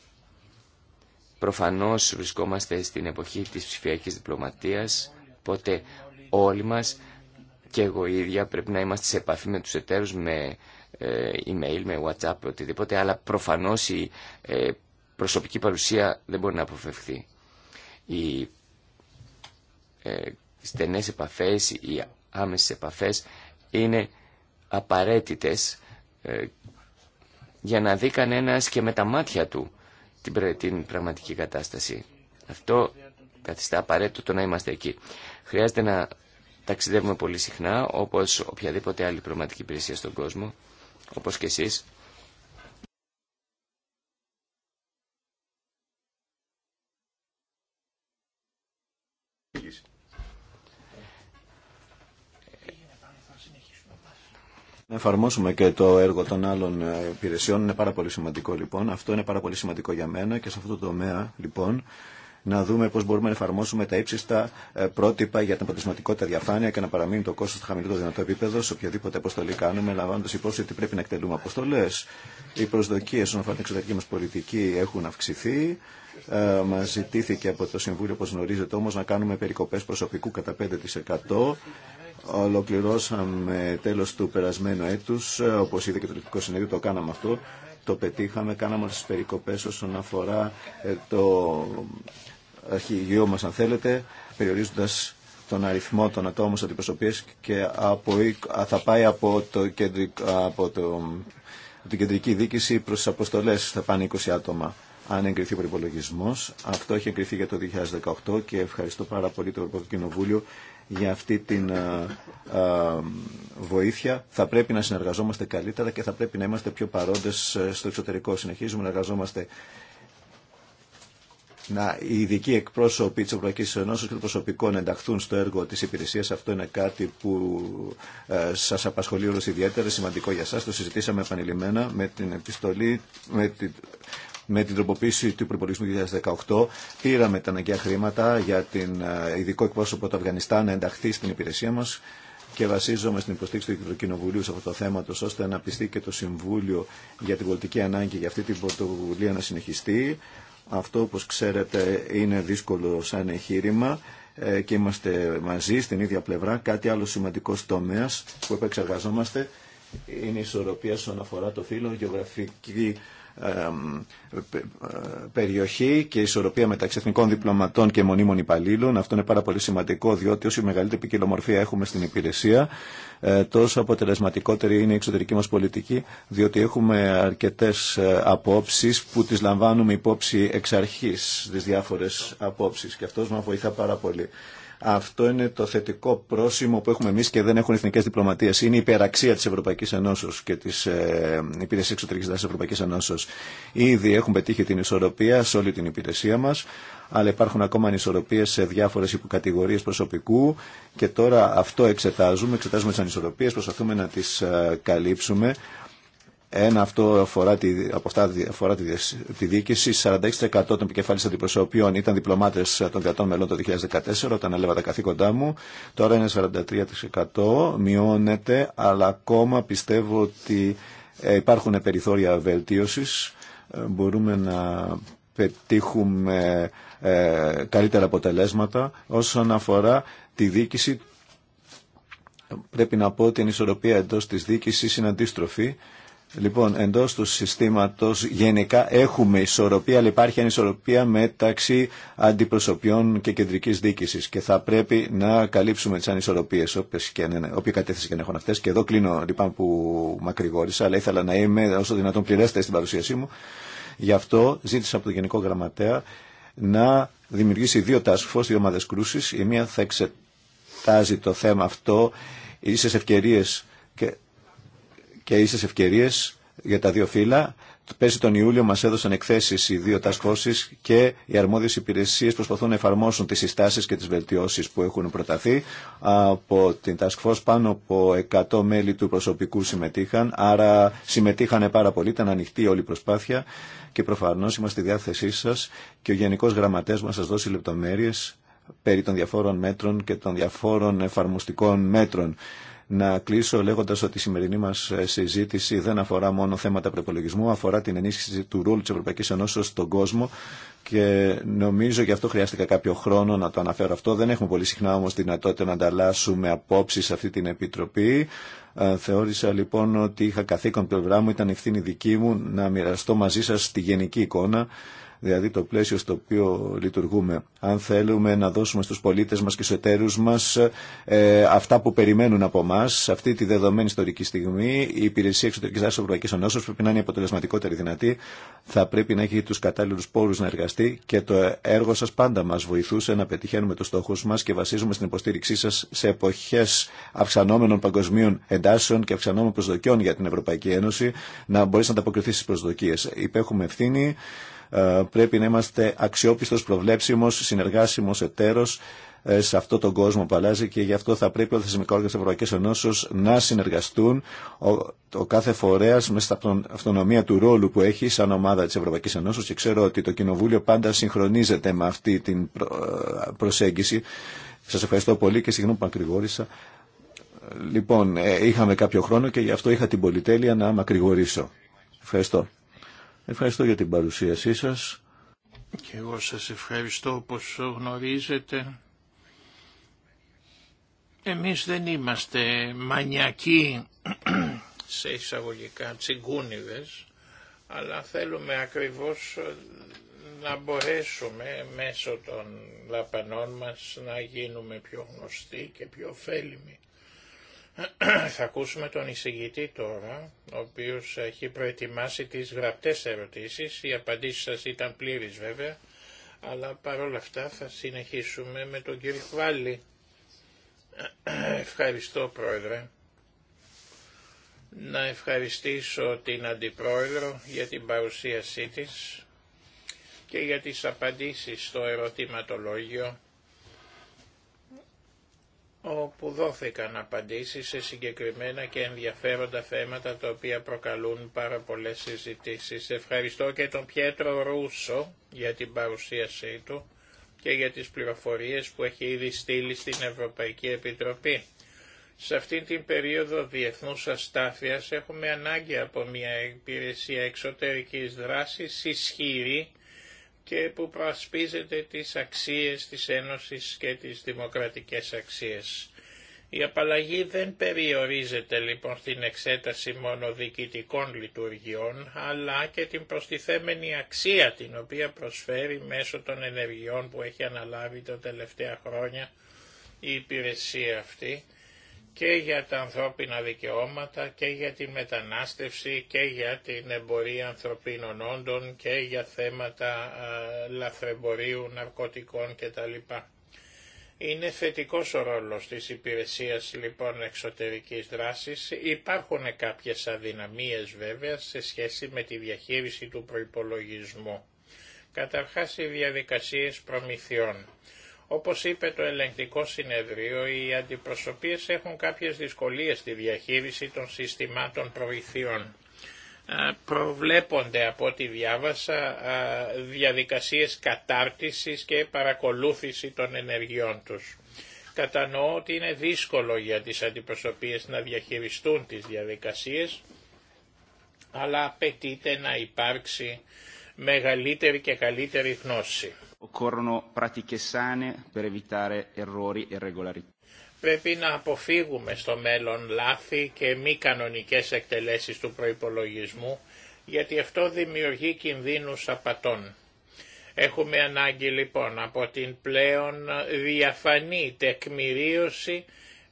Προφανώς βρισκόμαστε στην εποχή της ψηφιακής διπλωματίας, οπότε όλοι μας και εγώ ίδια πρέπει να είμαστε σε επαφή με τους εταίρους, με ε, email, με whatsapp, οτιδήποτε, αλλά προφανώς η ε, προσωπική παρουσία δεν μπορεί να αποφευχθεί. Η ε, στενές επαφές ή άμεσες επαφές είναι απαραίτητες ε, για να δει κανένα και με τα μάτια του την, την πραγματική κατάσταση. Αυτό καθιστά απαραίτητο το να είμαστε εκεί. Χρειάζεται να ταξιδεύουμε πολύ συχνά, όπως οποιαδήποτε άλλη πραγματική υπηρεσία στον κόσμο, όπως και εσείς. Να εφαρμόσουμε και το έργο των άλλων ε, υπηρεσιών είναι πάρα πολύ σημαντικό λοιπόν. Αυτό είναι πάρα πολύ σημαντικό για μένα και σε αυτό το τομέα λοιπόν να δούμε πώς μπορούμε να εφαρμόσουμε τα ύψιστα ε, πρότυπα για την αποτελεσματικότητα διαφάνεια και να παραμείνει το κόστος στο χαμηλότερο δυνατό επίπεδο σε οποιαδήποτε αποστολή κάνουμε, λαμβάνοντας υπόψη ότι πρέπει να εκτελούμε αποστολές. Οι προσδοκίες όσον αφορά την εξωτερική μας πολιτική έχουν αυξηθεί. Ε, Μα ζητήθηκε από το Συμβούλιο, όπω γνωρίζετε, όμω να κάνουμε περικοπέ προσωπικού κατά 5% Ολοκληρώσαμε τέλος του περασμένου έτους, όπως είδε και το Λευκό Συνέδριο, το κάναμε αυτό. Το πετύχαμε, κάναμε τις περικοπές όσον αφορά ε, το αρχηγείο μας, αν θέλετε, περιορίζοντας τον αριθμό των ατόμων στις αντιπροσωπείες και από, θα πάει από, το, από το, την κεντρική δίκηση προς τις αποστολές θα πάνε 20 άτομα αν εγκριθεί ο προπολογισμό. Αυτό έχει εγκριθεί για το 2018 και ευχαριστώ πάρα πολύ το Ευρωπαϊκό Κοινοβούλιο για αυτή την ε, ε, βοήθεια. Θα πρέπει να συνεργαζόμαστε καλύτερα και θα πρέπει να είμαστε πιο παρόντες ε, στο εξωτερικό. Συνεχίζουμε να εργαζόμαστε να οι ειδικοί εκπρόσωποι τη Ευρωπαϊκή Ενώσης και των προσωπικών ενταχθούν στο έργο τη υπηρεσία. Αυτό είναι κάτι που ε, σα απασχολεί όλου ιδιαίτερα, σημαντικό για εσά. Το συζητήσαμε επανειλημμένα με την επιστολή με την, με την τροποποίηση του προπολογισμού 2018 πήραμε τα αναγκαία χρήματα για την ε, ειδικό εκπρόσωπο του Αφγανιστάν να ενταχθεί στην υπηρεσία μας και βασίζομαι στην υποστήριξη του Κοινοβουλίου σε αυτό το θέμα, ώστε να πιστεί και το Συμβούλιο για την πολιτική ανάγκη για αυτή την πρωτοβουλία να συνεχιστεί. Αυτό, όπως ξέρετε, είναι δύσκολο σαν εγχείρημα ε, και είμαστε μαζί στην ίδια πλευρά. Κάτι άλλο σημαντικό τομέα που επεξεργαζόμαστε είναι η ισορροπία όσον αφορά το φύλλο, γεωγραφική ε, περιοχή και ισορροπία μεταξύ εθνικών διπλωματών και μονίμων υπαλλήλων. Αυτό είναι πάρα πολύ σημαντικό, διότι όσο μεγαλύτερη ποικιλομορφία έχουμε στην υπηρεσία, ε, τόσο αποτελεσματικότερη είναι η εξωτερική μας πολιτική, διότι έχουμε αρκετές ε, απόψεις που τις λαμβάνουμε υπόψη εξ αρχής, τις διάφορες απόψεις. Και αυτό μας βοηθά πάρα πολύ. Αυτό είναι το θετικό πρόσημο που έχουμε εμεί και δεν έχουν εθνικέ διπλωματίε. Είναι η υπεραξία τη Ευρωπαϊκή Ενώσεω και τη ε, υπηρεσία εξωτερική δράση τη Ευρωπαϊκή Ενώσεω. Ήδη έχουν πετύχει την ισορροπία σε όλη την υπηρεσία μα, αλλά υπάρχουν ακόμα ανισορροπίε σε διάφορε υποκατηγορίε προσωπικού και τώρα αυτό εξετάζουμε. Εξετάζουμε τι ανισορροπίε, προσπαθούμε να τι ε, καλύψουμε. Ένα αυτό αφορά τη, από αυτά αφορά τη, τη διοίκηση. 46% των επικεφαλής αντιπροσωπείων ήταν διπλωμάτε των κρατών μελών το 2014 όταν έλαβα τα καθήκοντά μου. Τώρα είναι 43% μειώνεται αλλά ακόμα πιστεύω ότι ε, υπάρχουν περιθώρια βελτίωση. Ε, μπορούμε να πετύχουμε ε, καλύτερα αποτελέσματα όσον αφορά τη διοίκηση Πρέπει να πω ότι η ανισορροπία εντός της διοίκησης είναι αντίστροφη Λοιπόν, εντό του συστήματο γενικά έχουμε ισορροπία, αλλά υπάρχει ανισορροπία μεταξύ αντιπροσωπιών και κεντρική διοίκηση. και θα πρέπει να καλύψουμε τι ανισορροπίες, όποια κατεύθυνση και να έχουν αυτέ. Και εδώ κλείνω, λοιπόν, που μακρηγόρησα, αλλά ήθελα να είμαι όσο δυνατόν πληρέστερη στην παρουσίασή μου. Γι' αυτό ζήτησα από τον Γενικό Γραμματέα να δημιουργήσει δύο task force, δύο ομάδε κρούση. Η μία θα εξετάζει το θέμα αυτό, ίσε ευκαιρίε και και ίσες ευκαιρίες για τα δύο φύλλα. Πέρσι τον Ιούλιο μας έδωσαν εκθέσεις οι δύο task forces και οι αρμόδιες υπηρεσίες προσπαθούν να εφαρμόσουν τις συστάσεις και τις βελτιώσεις που έχουν προταθεί. Από την task force πάνω από 100 μέλη του προσωπικού συμμετείχαν, άρα συμμετείχαν πάρα πολύ, ήταν ανοιχτή όλη η προσπάθεια και προφανώς είμαστε στη διάθεσή σας και ο Γενικός Γραμματέας μας σας δώσει λεπτομέρειες περί των διαφόρων μέτρων και των διαφόρων εφαρμοστικών μέτρων να κλείσω λέγοντα ότι η σημερινή μα ε, συζήτηση δεν αφορά μόνο θέματα προπολογισμού, αφορά την ενίσχυση του ρόλου τη Ευρωπαϊκή Ένωσης στον κόσμο και νομίζω γι' αυτό χρειάστηκα κάποιο χρόνο να το αναφέρω αυτό. Δεν έχουμε πολύ συχνά όμω τη δυνατότητα να ανταλλάσσουμε απόψει σε αυτή την επιτροπή. Ε, θεώρησα λοιπόν ότι είχα καθήκον πλευρά μου, ήταν ευθύνη δική μου να μοιραστώ μαζί σα τη γενική εικόνα δηλαδή το πλαίσιο στο οποίο λειτουργούμε. Αν θέλουμε να δώσουμε στους πολίτες μας και στους εταίρους μας ε, αυτά που περιμένουν από εμά, σε αυτή τη δεδομένη ιστορική στιγμή, η υπηρεσία εξωτερικής δράσης Ευρωπαϊκής Ενώσεως πρέπει να είναι αποτελεσματικότερη δυνατή, θα πρέπει να έχει τους κατάλληλους πόρους να εργαστεί και το έργο σας πάντα μας βοηθούσε να πετυχαίνουμε τους στόχους μας και βασίζουμε στην υποστήριξή σας σε εποχές αυξανόμενων παγκοσμίων εντάσεων και αυξανόμενων προσδοκιών για την Ευρωπαϊκή Ένωση να μπορείς να ανταποκριθεί στις προσδοκίες. Υπέχουμε ευθύνη ε, πρέπει να είμαστε αξιόπιστος, προβλέψιμος, συνεργάσιμος εταίρος ε, σε αυτόν τον κόσμο που αλλάζει και γι' αυτό θα πρέπει ο θεσμικό όργανο τη Ευρωπαϊκή Ενώσεω να συνεργαστούν ο, κάθε φορέα με στα αυτονομία του ρόλου που έχει σαν ομάδα τη Ευρωπαϊκή Ενώσεω και ξέρω ότι το Κοινοβούλιο πάντα συγχρονίζεται με αυτή την προ, ε, προσέγγιση. Σα ευχαριστώ πολύ και συγγνώμη που μακρηγόρησα. Λοιπόν, είχαμε κάποιο χρόνο και γι' αυτό είχα την πολυτέλεια να μακρηγορήσω. Ευχαριστώ. Ευχαριστώ για την παρουσίασή σας. Και εγώ σας ευχαριστώ όπως γνωρίζετε. Εμείς δεν είμαστε μανιακοί σε εισαγωγικά τσιγκούνιδες, αλλά θέλουμε ακριβώς να μπορέσουμε μέσω των λαπανών μας να γίνουμε πιο γνωστοί και πιο ωφέλιμοι. Θα ακούσουμε τον εισηγητή τώρα, ο οποίος έχει προετοιμάσει τις γραπτές ερωτήσεις. Οι απαντήσεις σας ήταν πλήρης βέβαια, αλλά παρόλα αυτά θα συνεχίσουμε με τον κύριο Χβάλη. Ευχαριστώ πρόεδρε. Να ευχαριστήσω την Αντιπρόεδρο για την παρουσίασή της και για τις απαντήσεις στο ερωτηματολόγιο όπου δόθηκαν απαντήσεις σε συγκεκριμένα και ενδιαφέροντα θέματα τα οποία προκαλούν πάρα πολλές συζητήσεις. Ευχαριστώ και τον Πιέτρο Ρούσο για την παρουσίασή του και για τις πληροφορίες που έχει ήδη στείλει στην Ευρωπαϊκή Επιτροπή. Σε αυτήν την περίοδο διεθνούς αστάθειας έχουμε ανάγκη από μια υπηρεσία εξωτερικής δράσης ισχυρή και που προασπίζεται τις αξίες της Ένωσης και τις δημοκρατικές αξίες. Η απαλλαγή δεν περιορίζεται λοιπόν στην εξέταση μόνο διοικητικών λειτουργιών, αλλά και την προστιθέμενη αξία την οποία προσφέρει μέσω των ενεργειών που έχει αναλάβει τα τελευταία χρόνια η υπηρεσία αυτή, και για τα ανθρώπινα δικαιώματα και για τη μετανάστευση και για την εμπορία ανθρωπίνων όντων και για θέματα λαθρεμπορίου, ναρκωτικών κτλ. Είναι θετικός ο ρόλος της υπηρεσίας λοιπόν εξωτερικής δράσης. Υπάρχουν κάποιες αδυναμίες βέβαια σε σχέση με τη διαχείριση του προϋπολογισμού. Καταρχάς οι διαδικασίες προμηθειών. Όπως είπε το ελεγκτικό συνεδρίο, οι αντιπροσωπείες έχουν κάποιες δυσκολίες στη διαχείριση των συστημάτων προηθειών. Ε, προβλέπονται από ό,τι διάβασα ε, διαδικασίες κατάρτισης και παρακολούθηση των ενεργειών τους. Κατανοώ ότι είναι δύσκολο για τις αντιπροσωπείες να διαχειριστούν τις διαδικασίες, αλλά απαιτείται να υπάρξει μεγαλύτερη και καλύτερη γνώση. Occorrono pratiche sane per evitare e Πρέπει να αποφύγουμε στο μέλλον λάθη και μη κανονικές εκτελέσεις του προϋπολογισμού, γιατί αυτό δημιουργεί κινδύνους απατών. Έχουμε ανάγκη λοιπόν από την πλέον διαφανή τεκμηρίωση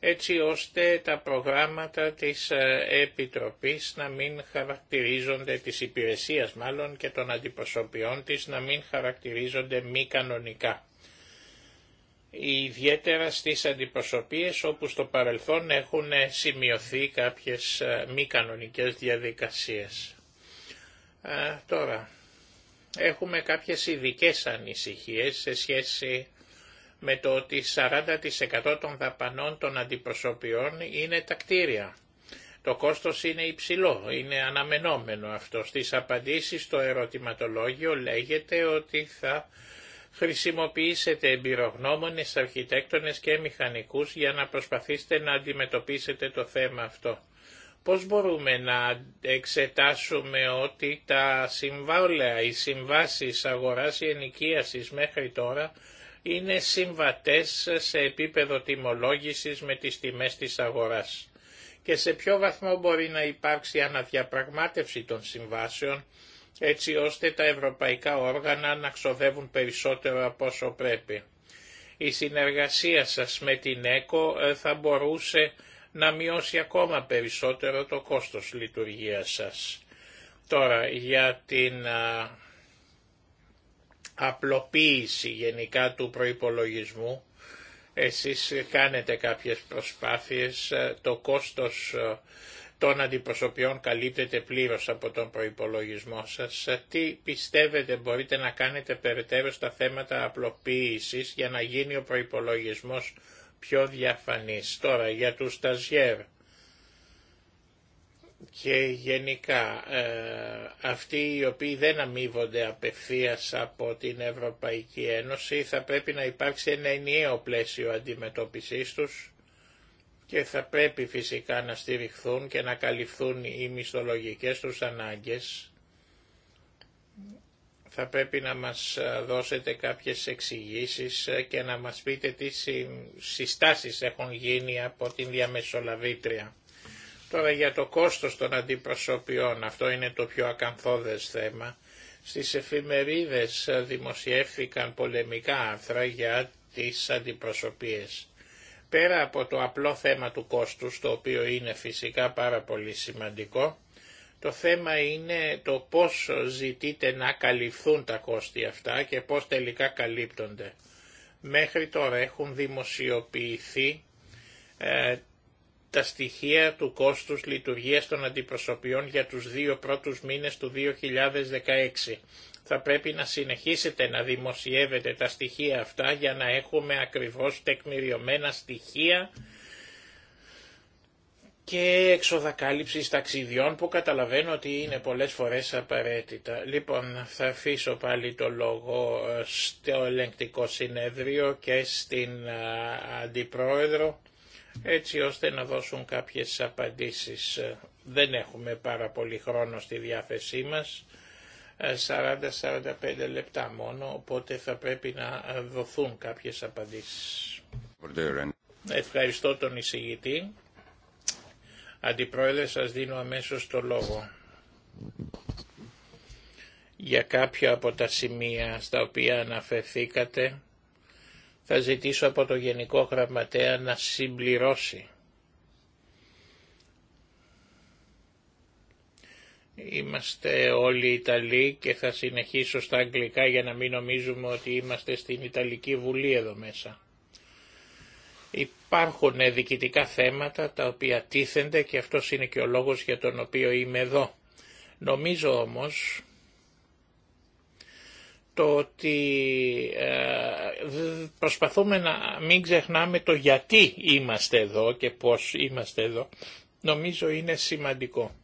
έτσι ώστε τα προγράμματα της ε, Επιτροπής να μην χαρακτηρίζονται, της υπηρεσίας μάλλον και των αντιπροσωπιών της να μην χαρακτηρίζονται μη κανονικά. Ιδιαίτερα στις αντιπροσωπίες όπου στο παρελθόν έχουν σημειωθεί κάποιες ε, μη κανονικές διαδικασίες. Ε, τώρα, έχουμε κάποιες ειδικέ ανησυχίες σε σχέση με το ότι 40% των δαπανών των αντιπροσωπιών είναι τα κτίρια. Το κόστος είναι υψηλό, είναι αναμενόμενο αυτό. Στις απαντήσεις στο ερωτηματολόγιο λέγεται ότι θα χρησιμοποιήσετε εμπειρογνώμονες, αρχιτέκτονες και μηχανικούς για να προσπαθήσετε να αντιμετωπίσετε το θέμα αυτό. Πώς μπορούμε να εξετάσουμε ότι τα συμβάλλα... οι συμβάσεις αγοράς ή ενοικίασης μέχρι τώρα είναι συμβατές σε επίπεδο τιμολόγησης με τις τιμές της αγοράς και σε ποιο βαθμό μπορεί να υπάρξει αναδιαπραγμάτευση των συμβάσεων έτσι ώστε τα ευρωπαϊκά όργανα να ξοδεύουν περισσότερο από όσο πρέπει. Η συνεργασία σας με την ΕΚΟ ε, θα μπορούσε να μειώσει ακόμα περισσότερο το κόστος λειτουργίας σας. Τώρα για την απλοποίηση γενικά του προϋπολογισμού. Εσείς κάνετε κάποιες προσπάθειες, ε, το κόστος ε, των αντιπροσωπιών καλύπτεται πλήρως από τον προϋπολογισμό σας. Ε, τι πιστεύετε μπορείτε να κάνετε περαιτέρω στα θέματα απλοποίησης για να γίνει ο προϋπολογισμός πιο διαφανής. Τώρα για τους σταζιέρ και γενικά ε, αυτοί οι οποίοι δεν αμείβονται απευθείας από την Ευρωπαϊκή Ένωση θα πρέπει να υπάρξει ένα ενιαίο πλαίσιο αντιμετώπισης τους και θα πρέπει φυσικά να στηριχθούν και να καλυφθούν οι μισθολογικές τους ανάγκες. Θα πρέπει να μας ε, δώσετε κάποιες εξηγήσεις ε, και να μας πείτε τι συστάσεις έχουν γίνει από την διαμεσολαβήτρια. Τώρα για το κόστος των αντιπροσωπιών, αυτό είναι το πιο ακαθόδες θέμα. Στις εφημερίδες δημοσιεύθηκαν πολεμικά άρθρα για τις αντιπροσωπίες. Πέρα από το απλό θέμα του κόστους, το οποίο είναι φυσικά πάρα πολύ σημαντικό, το θέμα είναι το πώς ζητείτε να καλυφθούν τα κόστη αυτά και πώς τελικά καλύπτονται. Μέχρι τώρα έχουν δημοσιοποιηθεί ε, τα στοιχεία του κόστους λειτουργίας των αντιπροσωπιών για τους δύο πρώτους μήνες του 2016. Θα πρέπει να συνεχίσετε να δημοσιεύετε τα στοιχεία αυτά για να έχουμε ακριβώς τεκμηριωμένα στοιχεία και εξοδακάλυψης ταξιδιών που καταλαβαίνω ότι είναι πολλές φορές απαραίτητα. Λοιπόν, θα αφήσω πάλι το λόγο ε, στο ελεγκτικό συνέδριο και στην ε, Αντιπρόεδρο έτσι ώστε να δώσουν κάποιες απαντήσεις. Δεν έχουμε πάρα πολύ χρόνο στη διάθεσή μας, 40-45 λεπτά μόνο, οπότε θα πρέπει να δοθούν κάποιες απαντήσεις. Ευχαριστώ τον εισηγητή. Αντιπρόεδρε, σας δίνω αμέσως το λόγο για κάποια από τα σημεία στα οποία αναφερθήκατε θα ζητήσω από το Γενικό Γραμματέα να συμπληρώσει. Είμαστε όλοι Ιταλοί και θα συνεχίσω στα αγγλικά για να μην νομίζουμε ότι είμαστε στην Ιταλική Βουλή εδώ μέσα. Υπάρχουν διοικητικά θέματα τα οποία τίθενται και αυτός είναι και ο λόγος για τον οποίο είμαι εδώ. Νομίζω όμως το ότι ε, προσπαθούμε να μην ξεχνάμε το γιατί είμαστε εδώ και πώς είμαστε εδώ, νομίζω είναι σημαντικό.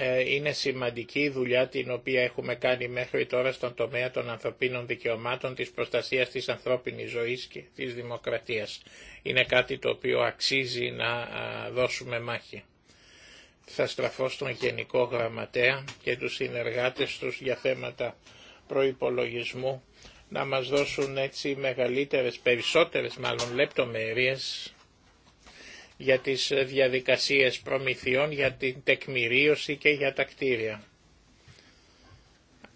Ε, είναι σημαντική η δουλειά την οποία έχουμε κάνει μέχρι τώρα στον τομέα των ανθρωπίνων δικαιωμάτων, της προστασίας της ανθρώπινης ζωής και της δημοκρατίας. Είναι κάτι το οποίο αξίζει να ε, δώσουμε μάχη θα στραφώ στον Γενικό Γραμματέα και τους συνεργάτες τους για θέματα προϋπολογισμού να μας δώσουν έτσι μεγαλύτερες, περισσότερες μάλλον λεπτομέρειες για τις διαδικασίες προμηθειών, για την τεκμηρίωση και για τα κτίρια.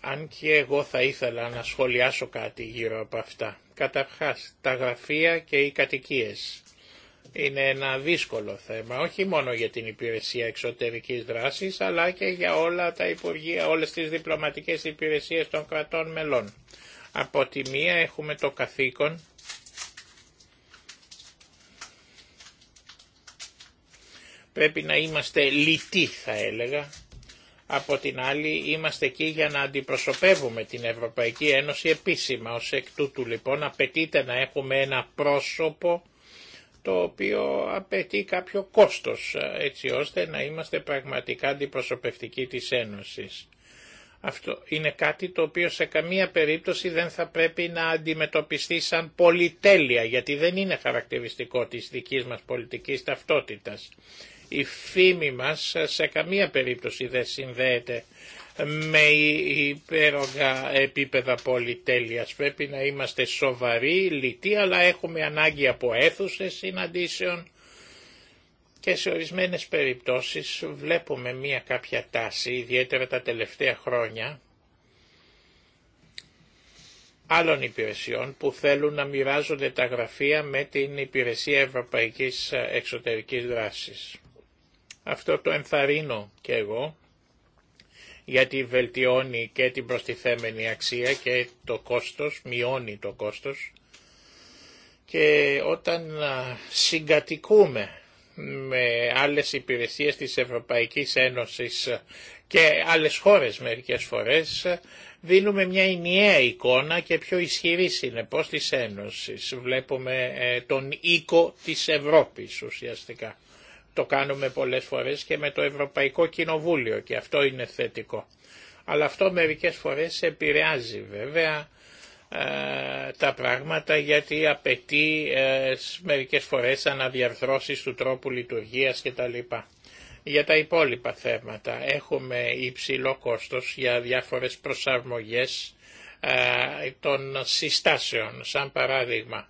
Αν και εγώ θα ήθελα να σχολιάσω κάτι γύρω από αυτά. Καταρχάς, τα γραφεία και οι κατοικίες. Είναι ένα δύσκολο θέμα, όχι μόνο για την υπηρεσία εξωτερικής δράσης, αλλά και για όλα τα υπουργεία, όλες τις διπλωματικές υπηρεσίες των κρατών μελών. Από τη μία έχουμε το καθήκον πρέπει να είμαστε λιτοί θα έλεγα. Από την άλλη είμαστε εκεί για να αντιπροσωπεύουμε την Ευρωπαϊκή Ένωση επίσημα. Ως εκ τούτου λοιπόν απαιτείται να έχουμε ένα πρόσωπο το οποίο απαιτεί κάποιο κόστος ε, έτσι ώστε να είμαστε πραγματικά αντιπροσωπευτικοί της Ένωσης. Αυτό είναι κάτι το οποίο σε καμία περίπτωση δεν θα πρέπει να αντιμετωπιστεί σαν πολυτέλεια γιατί δεν είναι χαρακτηριστικό της δικής μας πολιτικής ταυτότητας. Η φήμη μας ε, σε καμία περίπτωση δεν συνδέεται με υπέρογα επίπεδα πολυτέλειας. Πρέπει να είμαστε σοβαροί, λυτοί, αλλά έχουμε ανάγκη από αίθουσε συναντήσεων και σε ορισμένες περιπτώσεις βλέπουμε μία κάποια τάση, ιδιαίτερα τα τελευταία χρόνια, άλλων υπηρεσιών που θέλουν να μοιράζονται τα γραφεία με την Υπηρεσία Ευρωπαϊκής Εξωτερικής Δράσης. Αυτό το ενθαρρύνω και εγώ γιατί βελτιώνει και την προστιθέμενη αξία και το κόστος, μειώνει το κόστος και όταν συγκατοικούμε με άλλες υπηρεσίες της Ευρωπαϊκής Ένωσης και άλλες χώρες μερικές φορές δίνουμε μια ενιαία εικόνα και πιο ισχυρή συνεπώς της Ένωσης. Βλέπουμε ε, τον οίκο της Ευρώπης ουσιαστικά. Το κάνουμε πολλές φορές και με το Ευρωπαϊκό Κοινοβούλιο και αυτό είναι θετικό. Αλλά αυτό μερικές φορές επηρεάζει βέβαια ε, τα πράγματα γιατί απαιτεί ε, μερικές φορές αναδιαρθρώσεις του τρόπου λειτουργίας κτλ. Για τα υπόλοιπα θέματα έχουμε υψηλό κόστος για διάφορες προσαρμογές ε, των συστάσεων, σαν παράδειγμα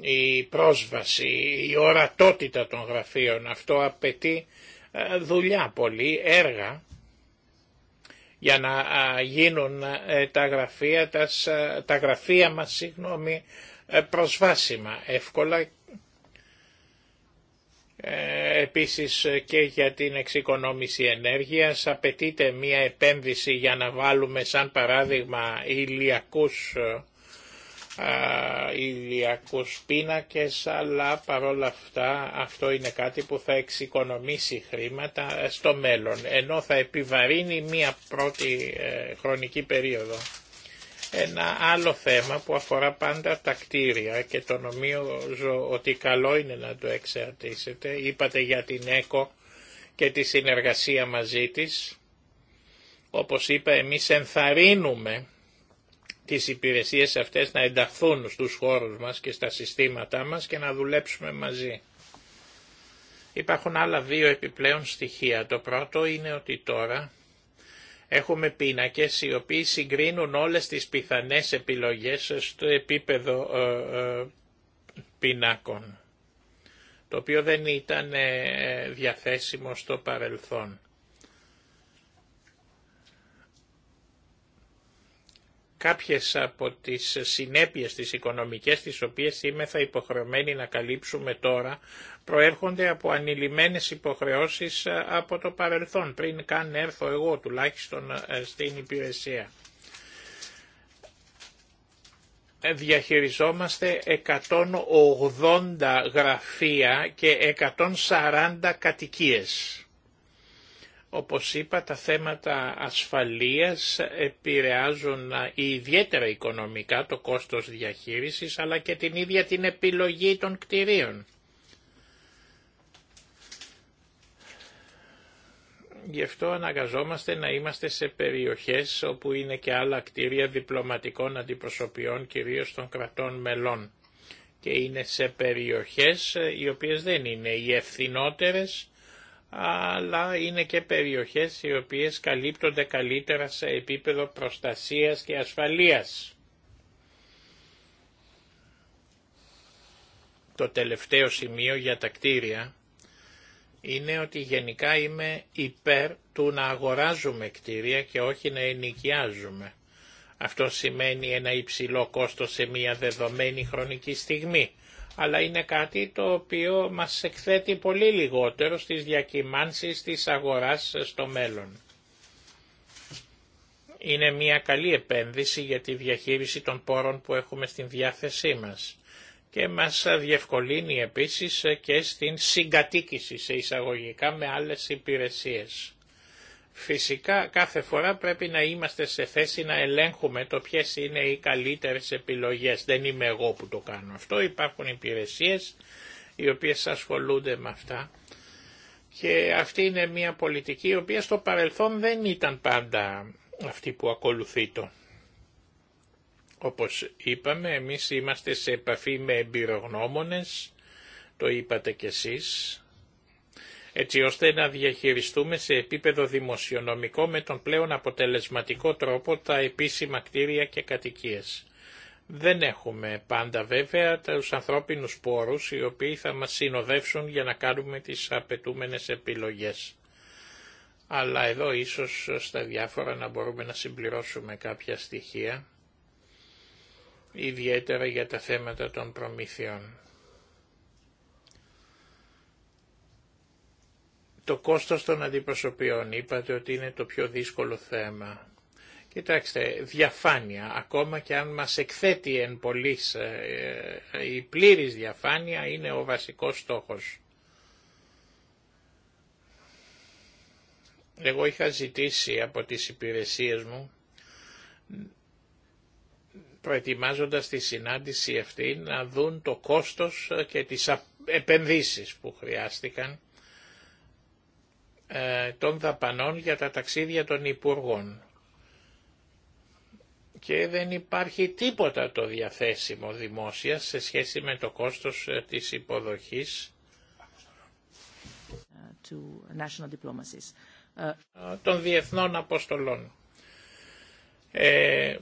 η πρόσβαση, η ορατότητα των γραφείων. Αυτό απαιτεί ε, δουλειά πολύ, έργα για να γίνουν ε, τα γραφεία, ε, τα, γραφεία μας συγγνώμη, προσβάσιμα εύκολα επίσης και για την εξοικονόμηση ενέργειας απαιτείται μία επένδυση για να βάλουμε σαν παράδειγμα ηλιακούς ηλιακούς πίνακες, αλλά παρόλα αυτά αυτό είναι κάτι που θα εξοικονομήσει χρήματα ε, στο μέλλον, ενώ θα επιβαρύνει μία πρώτη ε, χρονική περίοδο. Ένα άλλο θέμα που αφορά πάντα τα κτίρια και το νομίζω ότι καλό είναι να το εξαρτήσετε. Είπατε για την ΕΚΟ και τη συνεργασία μαζί της. Όπως είπα εμείς ενθαρρύνουμε τις υπηρεσίες αυτές να ενταχθούν στους χώρους μας και στα συστήματά μας και να δουλέψουμε μαζί. Υπάρχουν άλλα δύο επιπλέον στοιχεία. Το πρώτο είναι ότι τώρα έχουμε πίνακες οι οποίοι συγκρίνουν όλες τις πιθανές επιλογές στο επίπεδο ε, ε, πινάκων, το οποίο δεν ήταν ε, διαθέσιμο στο παρελθόν. κάποιες από τις συνέπειες τις οικονομικές τις οποίες είμαι θα υποχρεωμένοι να καλύψουμε τώρα προέρχονται από ανηλυμένες υποχρεώσεις ε, από το παρελθόν πριν καν έρθω εγώ τουλάχιστον ε, στην υπηρεσία. Διαχειριζόμαστε 180 γραφεία και 140 κατοικίες όπως είπα, τα θέματα ασφαλείας επηρεάζουν ιδιαίτερα οικονομικά το κόστος διαχείρισης, αλλά και την ίδια την επιλογή των κτηρίων. Γι' αυτό αναγκαζόμαστε να είμαστε σε περιοχές όπου είναι και άλλα κτίρια διπλωματικών αντιπροσωπιών, κυρίως των κρατών μελών. Και είναι σε περιοχές οι οποίες δεν είναι οι ευθυνότερες αλλά είναι και περιοχές οι οποίες καλύπτονται καλύτερα σε επίπεδο προστασίας και ασφαλείας. Το τελευταίο σημείο για τα κτίρια είναι ότι γενικά είμαι υπέρ του να αγοράζουμε κτίρια και όχι να ενοικιάζουμε. Αυτό σημαίνει ένα υψηλό κόστος σε μια δεδομένη χρονική στιγμή αλλά είναι κάτι το οποίο μας εκθέτει πολύ λιγότερο στις διακυμάνσεις της αγοράς στο μέλλον. Είναι μια καλή επένδυση για τη διαχείριση των πόρων που έχουμε στην διάθεσή μας και μας διευκολύνει επίσης και στην συγκατοίκηση σε εισαγωγικά με άλλες υπηρεσίες. Φυσικά κάθε φορά πρέπει να είμαστε σε θέση να ελέγχουμε το ποιες είναι οι καλύτερες επιλογές. Δεν είμαι εγώ που το κάνω αυτό, υπάρχουν υπηρεσίες οι οποίες ασχολούνται με αυτά. Και αυτή είναι μια πολιτική η οποία στο παρελθόν δεν ήταν πάντα αυτή που ακολουθεί το. Όπως είπαμε, εμείς είμαστε σε επαφή με εμπειρογνώμονες, το είπατε κι εσείς, έτσι ώστε να διαχειριστούμε σε επίπεδο δημοσιονομικό με τον πλέον αποτελεσματικό τρόπο τα επίσημα κτίρια και κατοικίες. Δεν έχουμε πάντα βέβαια τους ανθρώπινους πόρους οι οποίοι θα μας συνοδεύσουν για να κάνουμε τις απαιτούμενες επιλογές. Αλλά εδώ ίσως στα διάφορα να μπορούμε να συμπληρώσουμε κάποια στοιχεία, ιδιαίτερα για τα θέματα των προμήθειών. Το κόστος των αντιπροσωπιών είπατε ότι είναι το πιο δύσκολο θέμα. Κοιτάξτε, διαφάνεια, ακόμα και αν μας εκθέτει εν πολλής, ε, ε, η πλήρης διαφάνεια είναι ο βασικός στόχος. Εγώ είχα ζητήσει από τις υπηρεσίες μου, προετοιμάζοντας τη συνάντηση αυτή, να δουν το κόστος και τις επενδύσεις που χρειάστηκαν ε, των δαπανών για τα ταξίδια των Υπουργών. Και δεν υπάρχει τίποτα το διαθέσιμο δημόσια σε σχέση με το κόστος ε, της υποδοχής των διεθνών αποστολών. Ε,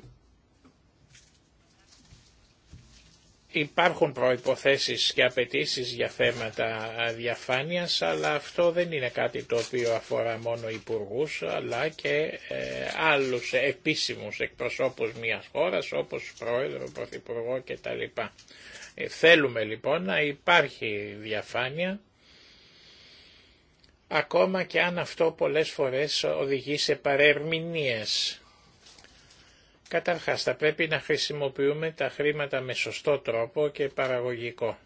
Υπάρχουν προϋποθέσεις και απαιτήσει για θέματα διαφάνειας, αλλά αυτό δεν είναι κάτι το οποίο αφορά μόνο υπουργού, αλλά και ε, άλλους επίσημους εκπροσώπους μιας χώρας, όπως πρόεδρο, πρωθυπουργό κτλ. Ε, θέλουμε λοιπόν να υπάρχει διαφάνεια, ακόμα και αν αυτό πολλές φορές οδηγεί σε παρερμηνίες. Καταρχάς θα πρέπει να χρησιμοποιούμε τα χρήματα με σωστό τρόπο και παραγωγικό.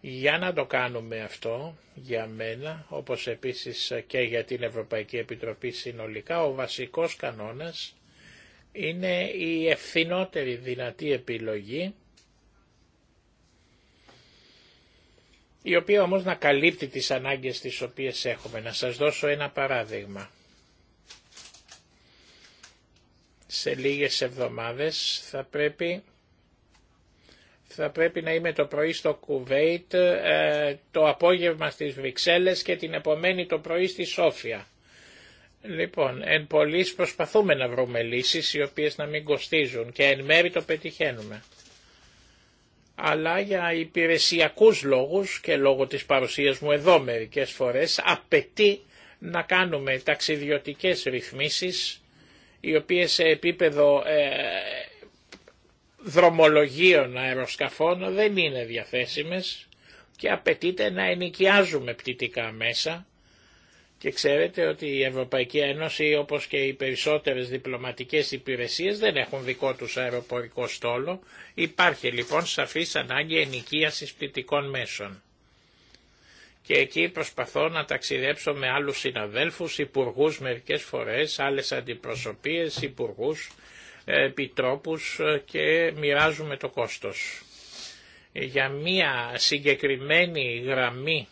Για να το κάνουμε αυτό, για μένα, όπως επίσης και για την Ευρωπαϊκή Επιτροπή συνολικά, ο βασικός κανόνας είναι η ευθυνότερη δυνατή επιλογή, η οποία όμως να καλύπτει τις ανάγκες τις οποίες έχουμε. Να σας δώσω ένα παράδειγμα. σε λίγες εβδομάδες θα πρέπει θα πρέπει να είμαι το πρωί στο Κουβέιτ, ε, το απόγευμα στις Βρυξέλλες και την επομένη το πρωί στη Σόφια. Λοιπόν, εν πολλής προσπαθούμε να βρούμε λύσεις οι οποίες να μην κοστίζουν και εν μέρη το πετυχαίνουμε. Αλλά για υπηρεσιακούς λόγους και λόγω της παρουσίας μου εδώ μερικές φορές απαιτεί να κάνουμε ταξιδιωτικές ρυθμίσεις οι οποίες σε επίπεδο ε, δρομολογίων αεροσκαφών δεν είναι διαθέσιμες και απαιτείται να ενοικιάζουμε πτυτικά μέσα και ξέρετε ότι η Ευρωπαϊκή Ένωση όπως και οι περισσότερες διπλωματικές υπηρεσίες δεν έχουν δικό τους αεροπορικό στόλο. Υπάρχει λοιπόν σαφής ανάγκη ενοικίασης πτυτικών μέσων και εκεί προσπαθώ να ταξιδέψω με άλλους συναδέλφους, υπουργούς μερικές φορές, άλλες αντιπροσωπείες, υπουργούς, επιτρόπους και μοιράζουμε το κόστος. Για μία συγκεκριμένη γραμμή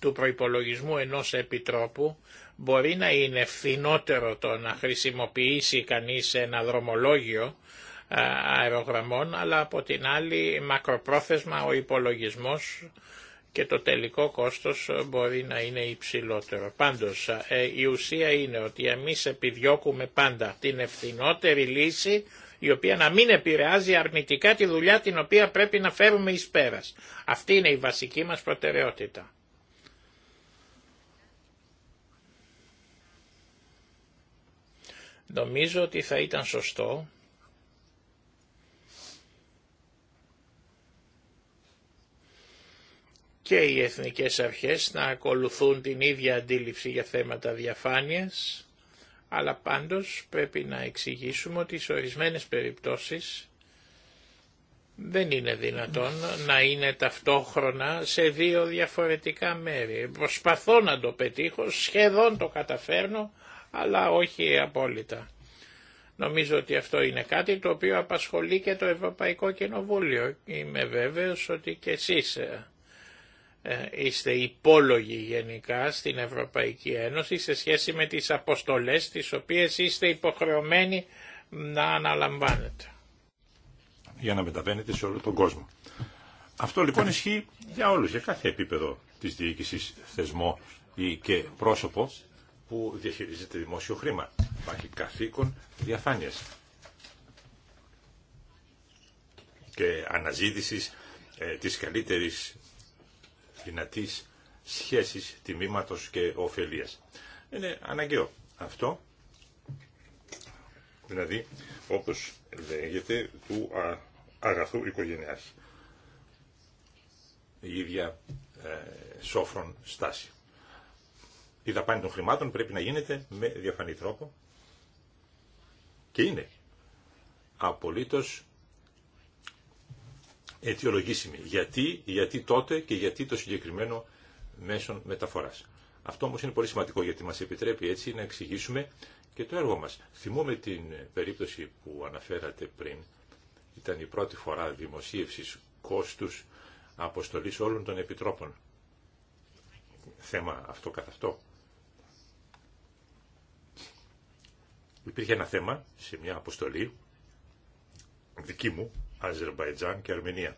του προϋπολογισμού ενός επιτρόπου μπορεί να είναι φθηνότερο το να χρησιμοποιήσει κανείς ένα δρομολόγιο αερογραμμών, αλλά από την άλλη μακροπρόθεσμα ο υπολογισμός και το τελικό κόστος ε, μπορεί να είναι υψηλότερο. Πάντως ε, ε, η ουσία είναι ότι εμείς επιδιώκουμε πάντα την ευθυνότερη λύση η οποία να μην επηρεάζει αρνητικά τη δουλειά την οποία πρέπει να φέρουμε εις πέρας. Αυτή είναι η βασική μας προτεραιότητα. Νομίζω ότι θα ήταν σωστό και οι εθνικές αρχές να ακολουθούν την ίδια αντίληψη για θέματα διαφάνειας, αλλά πάντως πρέπει να εξηγήσουμε ότι σε ορισμένες περιπτώσεις δεν είναι δυνατόν να είναι ταυτόχρονα σε δύο διαφορετικά μέρη. Προσπαθώ να το πετύχω, σχεδόν το καταφέρνω, αλλά όχι απόλυτα. Νομίζω ότι αυτό είναι κάτι το οποίο απασχολεί και το Ευρωπαϊκό Κοινοβούλιο. Είμαι βέβαιος ότι και εσείς ε, ε, είστε υπόλογοι γενικά στην Ευρωπαϊκή Ένωση σε σχέση με τις αποστολές τις οποίες είστε υποχρεωμένοι να αναλαμβάνετε. Για να μεταβαίνετε σε όλο τον κόσμο. Αυτό λοιπόν ισχύει για όλους, για κάθε επίπεδο της διοίκησης θεσμό ή και πρόσωπο που διαχειρίζεται δημόσιο χρήμα. Υπάρχει καθήκον διαφάνειας και αναζήτησης ε, της καλύτερης δυνατής σχέσης τιμήματος και ωφελία. Είναι αναγκαίο αυτό, δηλαδή όπως λέγεται του αγαθού οικογένειά Η ίδια ε, σόφρον στάση. Η δαπάνη των χρημάτων πρέπει να γίνεται με διαφανή τρόπο και είναι απολύτως αιτιολογήσιμη. Γιατί, γιατί τότε και γιατί το συγκεκριμένο μέσον μεταφοράς. Αυτό όμω είναι πολύ σημαντικό γιατί μας επιτρέπει έτσι να εξηγήσουμε και το έργο μας. Θυμούμε την περίπτωση που αναφέρατε πριν, ήταν η πρώτη φορά δημοσίευση κόστου αποστολή όλων των επιτρόπων. Θέμα αυτό καθ' αυτό. Υπήρχε ένα θέμα σε μια αποστολή δική μου Αζερβαϊτζάν και Αρμενία.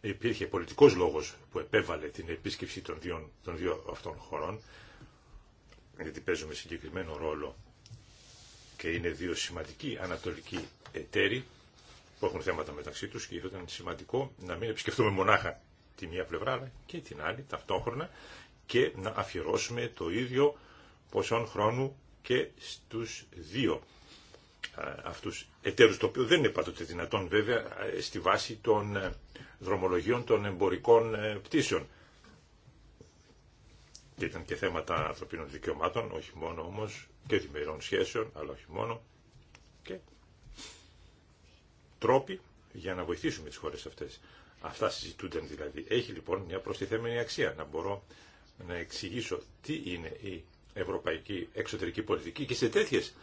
Υπήρχε πολιτικός λόγος που επέβαλε την επίσκεψη των δύο, των δύο αυτών χωρών, γιατί παίζουμε συγκεκριμένο ρόλο και είναι δύο σημαντικοί ανατολικοί εταίροι που έχουν θέματα μεταξύ τους και ήταν σημαντικό να μην επισκεφτούμε μονάχα τη μία πλευρά και την άλλη ταυτόχρονα και να αφιερώσουμε το ίδιο ποσόν χρόνου και στους δύο αυτούς εταίρους, το οποίο δεν είναι πάντοτε δυνατόν βέβαια ε, στη βάση των ε, δρομολογίων των εμπορικών ε, πτήσεων. Και ήταν και θέματα ανθρωπίνων δικαιωμάτων, όχι μόνο όμως, και διμερών σχέσεων, αλλά όχι μόνο, και τρόποι για να βοηθήσουμε τις χώρες αυτές. Αυτά συζητούνται δηλαδή. Έχει λοιπόν μια προστιθέμενη αξία να μπορώ να εξηγήσω τι είναι η ευρωπαϊκή εξωτερική πολιτική και σε τέτοιες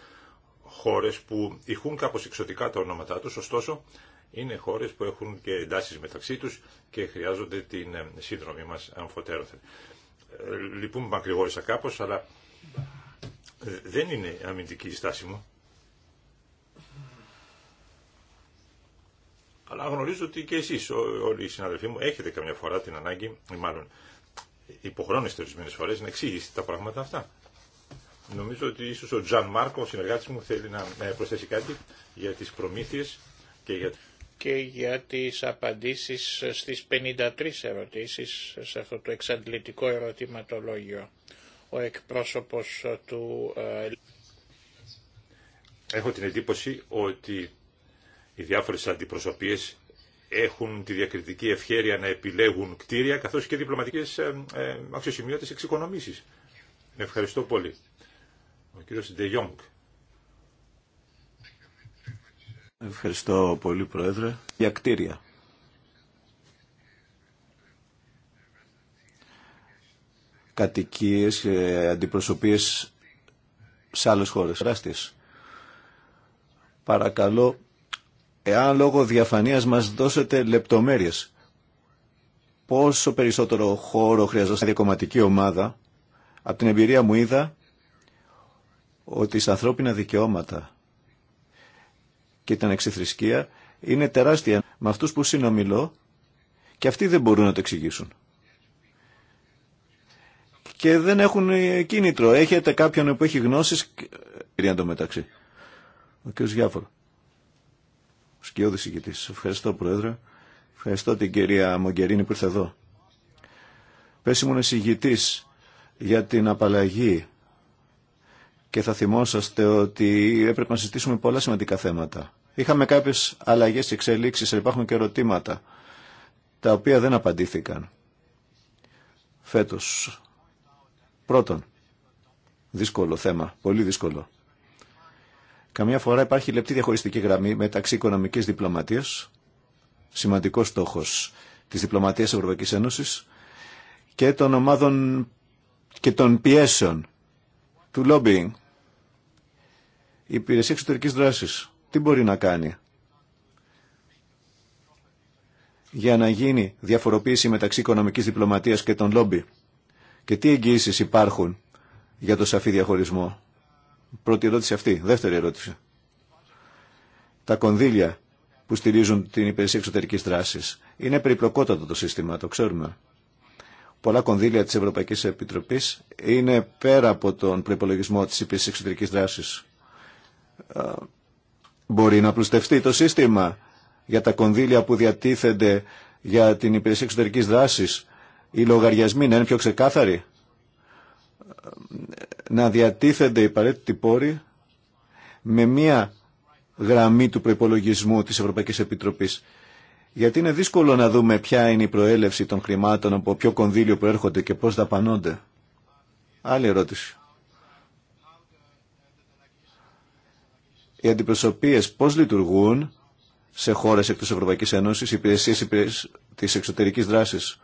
χώρες που ηχούν κάπως εξωτικά τα ονόματά τους, ωστόσο είναι χώρες που έχουν και εντάσεις μεταξύ τους και χρειάζονται την ε, σύνδρομή μας αμφωτέρωθεν. Λυπούμε λοιπόν, μακρηγόρησα κάπως, αλλά ε, δεν είναι αμυντική η στάση μου. Αλλά γνωρίζω ότι και εσείς όλοι οι συναδελφοί μου έχετε καμιά φορά την ανάγκη, μάλλον υποχρώνεστε ορισμένε φορές να εξηγήσετε τα πράγματα αυτά. Νομίζω ότι ίσως ο Τζαν Μάρκο, ο συνεργάτης μου, θέλει να προσθέσει κάτι για τις προμήθειες και για... Και για τις απαντήσεις στις 53 ερωτήσεις σε αυτό το εξαντλητικό ερωτηματολόγιο. Ο εκπρόσωπος του... Ε, Έχω την εντύπωση ότι οι διάφορες αντιπροσωπείες έχουν τη διακριτική ευχέρεια να επιλέγουν κτίρια καθώς και διπλωματικές ε, ε, αξιοσημείωτες εξοικονομήσεις. Ευχαριστώ πολύ. Ο κύριος Ευχαριστώ πολύ Πρόεδρε. Για κτίρια. Κατοικίες και ε, αντιπροσωπείες σε άλλες χώρες. Ράστης. Παρακαλώ, εάν λόγω διαφανίας μας δώσετε λεπτομέρειες, πόσο περισσότερο χώρο χρειαζόταν διακομματική ομάδα, από την εμπειρία μου είδα ότι στα ανθρώπινα δικαιώματα και την εξηθρησκεία είναι τεράστια με αυτούς που συνομιλώ και αυτοί δεν μπορούν να το εξηγήσουν. Και δεν έχουν κίνητρο. Έχετε κάποιον που έχει γνώσεις, κυρία το μεταξύ. Ο κ. Γιάφορο. Ο σκιώδης ηγητής. Ευχαριστώ Πρόεδρε. Ευχαριστώ την κυρία Μογκερίνη που ήρθε εδώ. Πες ήμουν εισηγητής για την απαλλαγή και θα θυμόσαστε ότι έπρεπε να συζητήσουμε πολλά σημαντικά θέματα. Είχαμε κάποιες αλλαγές και εξελίξεις, υπάρχουν και ερωτήματα, τα οποία δεν απαντήθηκαν φέτος. Πρώτον, δύσκολο θέμα, πολύ δύσκολο. Καμιά φορά υπάρχει λεπτή διαχωριστική γραμμή μεταξύ οικονομικής διπλωματίας, σημαντικός στόχος της διπλωματίας Ευρωπαϊκής Ένωσης, και των ομάδων και των πιέσεων του lobbying η υπηρεσία εξωτερική δράση. τι μπορεί να κάνει για να γίνει διαφοροποίηση μεταξύ οικονομική διπλωματίας και των λόμπι και τι εγγύησει υπάρχουν για το σαφή διαχωρισμό. Πρώτη ερώτηση αυτή. Δεύτερη ερώτηση. Τα κονδύλια που στηρίζουν την υπηρεσία εξωτερική δράση. Είναι περιπλοκότατο το σύστημα, το ξέρουμε. Πολλά κονδύλια τη Ευρωπαϊκή Επιτροπή είναι πέρα από τον προπολογισμό τη υπηρεσία εξωτερική δράση. Μπορεί να πλουστευτεί το σύστημα για τα κονδύλια που διατίθενται για την υπηρεσία εξωτερική δράσης. Οι λογαριασμοί να είναι πιο ξεκάθαροι. Να διατίθενται οι παρέτητοι πόροι με μία γραμμή του προπολογισμού της Ευρωπαϊκής Επιτροπής. Γιατί είναι δύσκολο να δούμε ποια είναι η προέλευση των χρημάτων, από ποιο κονδύλιο προέρχονται και πώς δαπανώνται. Άλλη ερώτηση. οι αντιπροσωπείες πώς λειτουργούν σε χώρες εκτός Ευρωπαϊκής Ένωσης, οι υπηρεσίες της εξωτερικής δράσης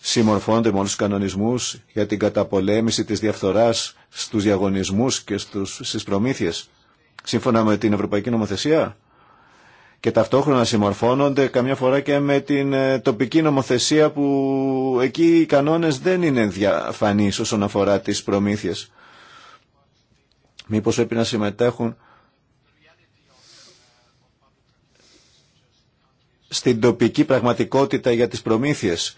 συμμορφώνονται με όλους τους κανονισμούς για την καταπολέμηση της διαφθοράς στους διαγωνισμούς και στι στις προμήθειες, σύμφωνα με την Ευρωπαϊκή Νομοθεσία και ταυτόχρονα συμμορφώνονται καμιά φορά και με την ε, τοπική νομοθεσία που εκεί οι κανόνες δεν είναι διαφανείς όσον αφορά τι προμήθειες. Μήπως πρέπει να συμμετέχουν στην τοπική πραγματικότητα για τις προμήθειες,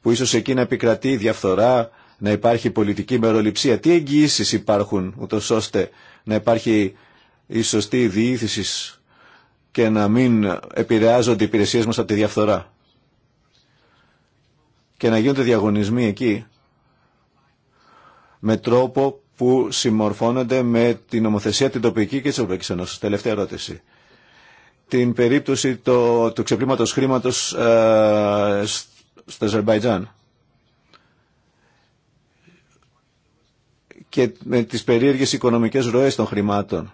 που ίσως εκεί να επικρατεί διαφθορά, να υπάρχει πολιτική μεροληψία. Τι εγγυήσεις υπάρχουν, ούτω ώστε να υπάρχει η σωστή διήθηση και να μην επηρεάζονται οι υπηρεσίες μας από τη διαφθορά. Και να γίνονται διαγωνισμοί εκεί με τρόπο που συμμορφώνονται με την νομοθεσία την τοπική και τη Ευρωπαϊκή Ένωση. Τελευταία ερώτηση την περίπτωση το, του ξεπλήματος χρήματος ε, στο Αζερβαϊτζάν. και με τις περίεργες οικονομικές ροές των χρημάτων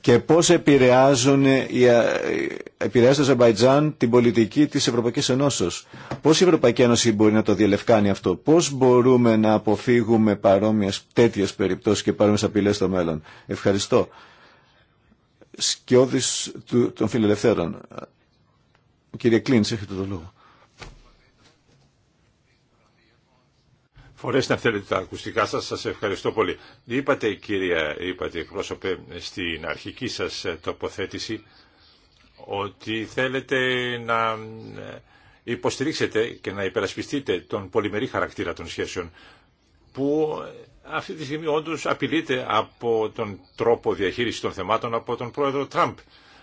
και πώς επηρεάζουν οι, ε, επηρεάζει το Αζερβαϊτζάν την πολιτική της Ευρωπαϊκής Ενώσεως. Πώς η Ευρωπαϊκή Ένωση μπορεί να το διελευκάνει αυτό. Πώς μπορούμε να αποφύγουμε παρόμοιες τέτοιες περιπτώσεις και παρόμοιες απειλές στο μέλλον. Ευχαριστώ σκιώδης των φιλελευθέρων. Κύριε Κλίνς, έχετε το λόγο. Φορέστε να θέλετε τα ακουστικά σας, σας ευχαριστώ πολύ. Είπατε κυρία, είπατε εκπρόσωπε στην αρχική σας τοποθέτηση ότι θέλετε να υποστηρίξετε και να υπερασπιστείτε τον πολυμερή χαρακτήρα των σχέσεων που αυτή τη στιγμή όντως απειλείται από τον τρόπο διαχείριση των θεμάτων από τον πρόεδρο Τραμπ.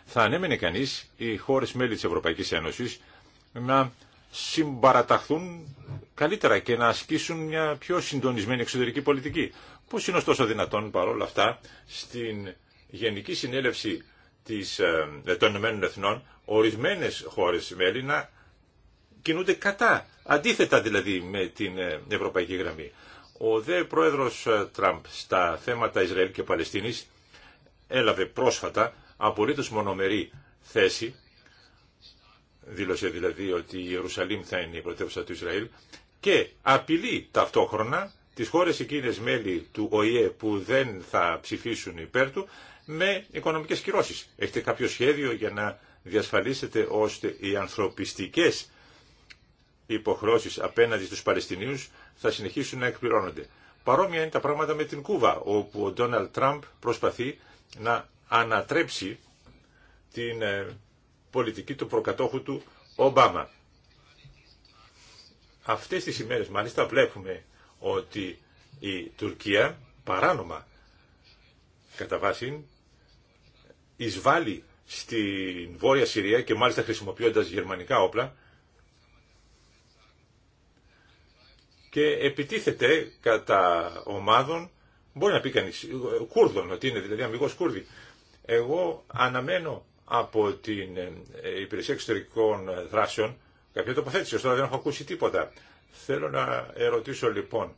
Θα ανέμενε κανείς οι χώρες μέλη της Ευρωπαϊκής Ένωσης να συμπαραταχθούν καλύτερα και να ασκήσουν μια πιο συντονισμένη εξωτερική πολιτική. Πώς είναι ωστόσο δυνατόν παρόλα αυτά στην Γενική Συνέλευση της, ε, των Ηνωμένων Εθνών ορισμένε χώρες μέλη να κινούνται κατά, αντίθετα δηλαδή με την ε, Ευρωπαϊκή Γραμμή. Ο δε πρόεδρος ε, Τραμπ στα θέματα Ισραήλ και Παλαιστίνης έλαβε πρόσφατα απολύτως μονομερή θέση, δήλωσε δηλαδή ότι η Ιερουσαλήμ θα είναι η πρωτεύουσα του Ισραήλ και απειλεί ταυτόχρονα τις χώρες εκείνες μέλη του ΟΗΕ που δεν θα ψηφίσουν υπέρ του με οικονομικές κυρώσεις. Έχετε κάποιο σχέδιο για να διασφαλίσετε ώστε οι ανθρωπιστικές οι υποχρεώσεις απέναντι στους Παλαιστινίους θα συνεχίσουν να εκπληρώνονται. Παρόμοια είναι τα πράγματα με την Κούβα, όπου ο Ντόναλτ Τραμπ προσπαθεί να ανατρέψει την ε, πολιτική του προκατόχου του Ομπάμα. Αυτές τις ημέρες μάλιστα βλέπουμε ότι η Τουρκία παράνομα κατά βάση εισβάλλει στην Βόρεια Συρία και μάλιστα χρησιμοποιώντας γερμανικά όπλα και επιτίθεται κατά ομάδων, μπορεί να πει κανείς, Κούρδων, ότι είναι δηλαδή αμυγό Κούρδη. Εγώ αναμένω από την ε, Υπηρεσία Εξωτερικών Δράσεων κάποια τοποθέτηση, ωστόσο δεν έχω ακούσει τίποτα. Θέλω να ερωτήσω λοιπόν,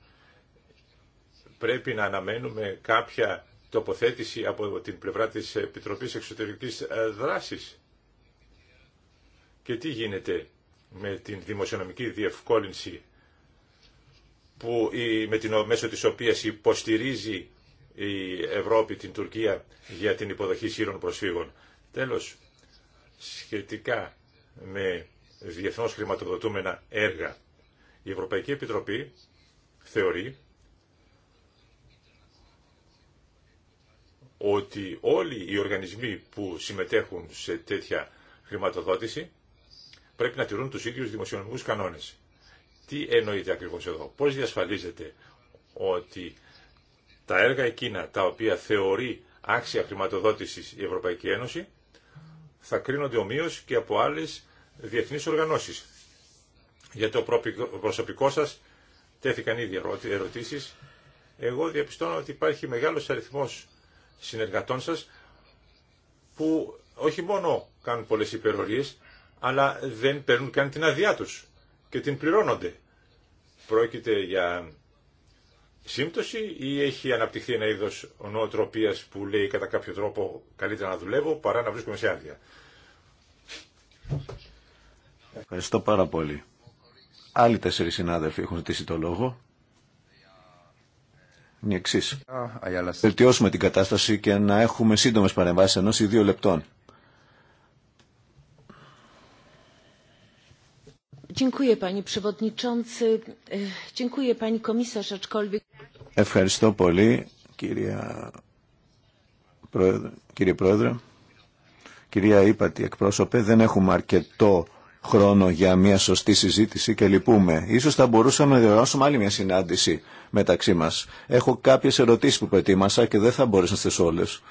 πρέπει να αναμένουμε κάποια τοποθέτηση από την πλευρά της Επιτροπής Εξωτερικής ε, Δράσης και τι γίνεται με την δημοσιονομική διευκόλυνση που, με την μέσω της οποίας υποστηρίζει η Ευρώπη την Τουρκία για την υποδοχή σύρων προσφύγων. Τέλος, σχετικά με διεθνώς χρηματοδοτούμενα έργα, η Ευρωπαϊκή Επιτροπή θεωρεί ότι όλοι οι οργανισμοί που συμμετέχουν σε τέτοια χρηματοδότηση πρέπει να τηρούν τους ίδιους δημοσιονομικούς κανόνες. Τι εννοείται ακριβώς εδώ, πώς διασφαλίζεται ότι τα έργα εκείνα τα οποία θεωρεί άξια χρηματοδότησης η Ευρωπαϊκή Ένωση θα κρίνονται ομοίως και από άλλες διεθνείς οργανώσεις. Για το προσωπικό σας τέθηκαν ήδη ερωτήσεις. Εγώ διαπιστώνω ότι υπάρχει μεγάλος αριθμός συνεργατών σας που όχι μόνο κάνουν πολλές υπερορίες, αλλά δεν παίρνουν καν την αδειά τους και την πληρώνονται. Πρόκειται για σύμπτωση ή έχει αναπτυχθεί ένα είδος νοοτροπίας που λέει κατά κάποιο τρόπο καλύτερα να δουλεύω παρά να βρίσκομαι σε άδεια. Ευχαριστώ πάρα πολύ. Άλλοι τέσσερις συνάδελφοι έχουν ζητήσει το λόγο. Είναι εξής. Βελτιώσουμε την κατάσταση και να έχουμε σύντομες παρεμβάσεις ενό ή δύο λεπτών. E, Ευχαριστώ πολύ, κυρία Πρόεδρε, κύριε Πρόεδρε. Κυρία Ήπατη, εκπρόσωπε, δεν έχουμε αρκετό χρόνο για μια σωστή συζήτηση και λυπούμε. Ίσως θα μπορούσαμε να διοργανώσουμε άλλη μια συνάντηση μεταξύ μας. Έχω κάποιες ερωτήσεις που προετοίμασα και δεν θα μπορούσα στις όλες.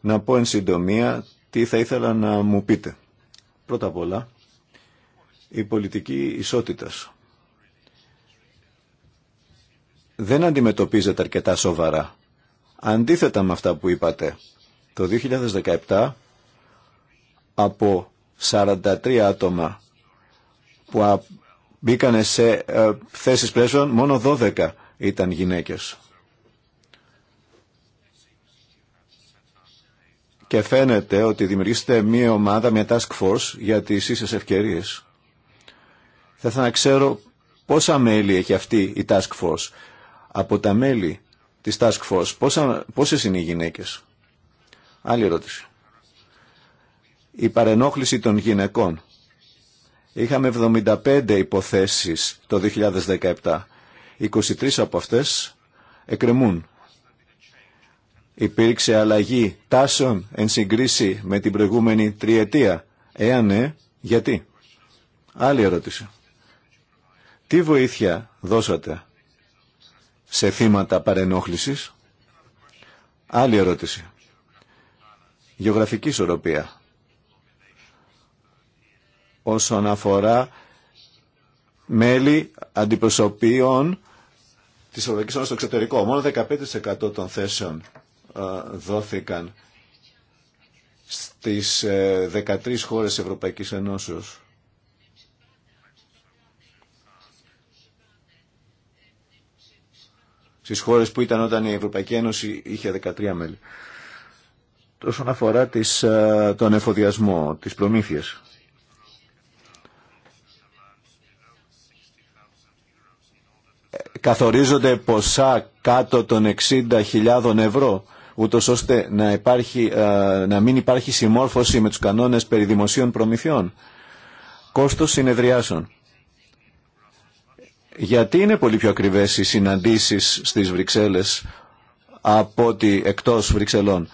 Να πω εν συντομία τι θα ήθελα να μου πείτε. Πρώτα απ' όλα, η πολιτική ισότητας. Δεν αντιμετωπίζεται αρκετά σοβαρά. Αντίθετα με αυτά που είπατε, το 2017 από 43 άτομα που μπήκανε σε ε, θέσεις πρέσβεων, μόνο 12 ήταν γυναίκες. Και φαίνεται ότι δημιουργήσετε μία ομάδα, μία task force για τις ίσες ευκαιρίες. Θα ήθελα να ξέρω πόσα μέλη έχει αυτή η Task Force. Από τα μέλη της Task Force, πόσα, πόσες είναι οι γυναίκες. Άλλη ερώτηση. Η παρενόχληση των γυναικών. Είχαμε 75 υποθέσεις το 2017. 23 από αυτές εκκρεμούν. Υπήρξε αλλαγή τάσεων εν συγκρίση με την προηγούμενη τριετία. Εάν ναι, γιατί. Άλλη ερώτηση. Τι βοήθεια δώσατε σε θύματα παρενόχλησης. Άλλη ερώτηση. Γεωγραφική ισορροπία. Όσον αφορά μέλη αντιπροσωπείων της Ευρωπαϊκής Ένωσης στο εξωτερικό. Μόνο 15% των θέσεων ε, δόθηκαν στις 13 ε, χώρες Ευρωπαϊκής Ένωσης. στις χώρες που ήταν όταν η Ευρωπαϊκή Ένωση είχε 13 μέλη. Όσον αφορά τις, ε, τον εφοδιασμό, τις προμήθειες. Καθορίζονται ποσά κάτω των 60.000 ευρώ ούτω ώστε να, υπάρχει, ε, να μην υπάρχει συμμόρφωση με τους κανόνες περί δημοσίων προμηθειών. Κόστος συνεδριάσεων γιατί είναι πολύ πιο ακριβές οι συναντήσεις στις Βρυξέλλες από ότι εκτός Βρυξελών.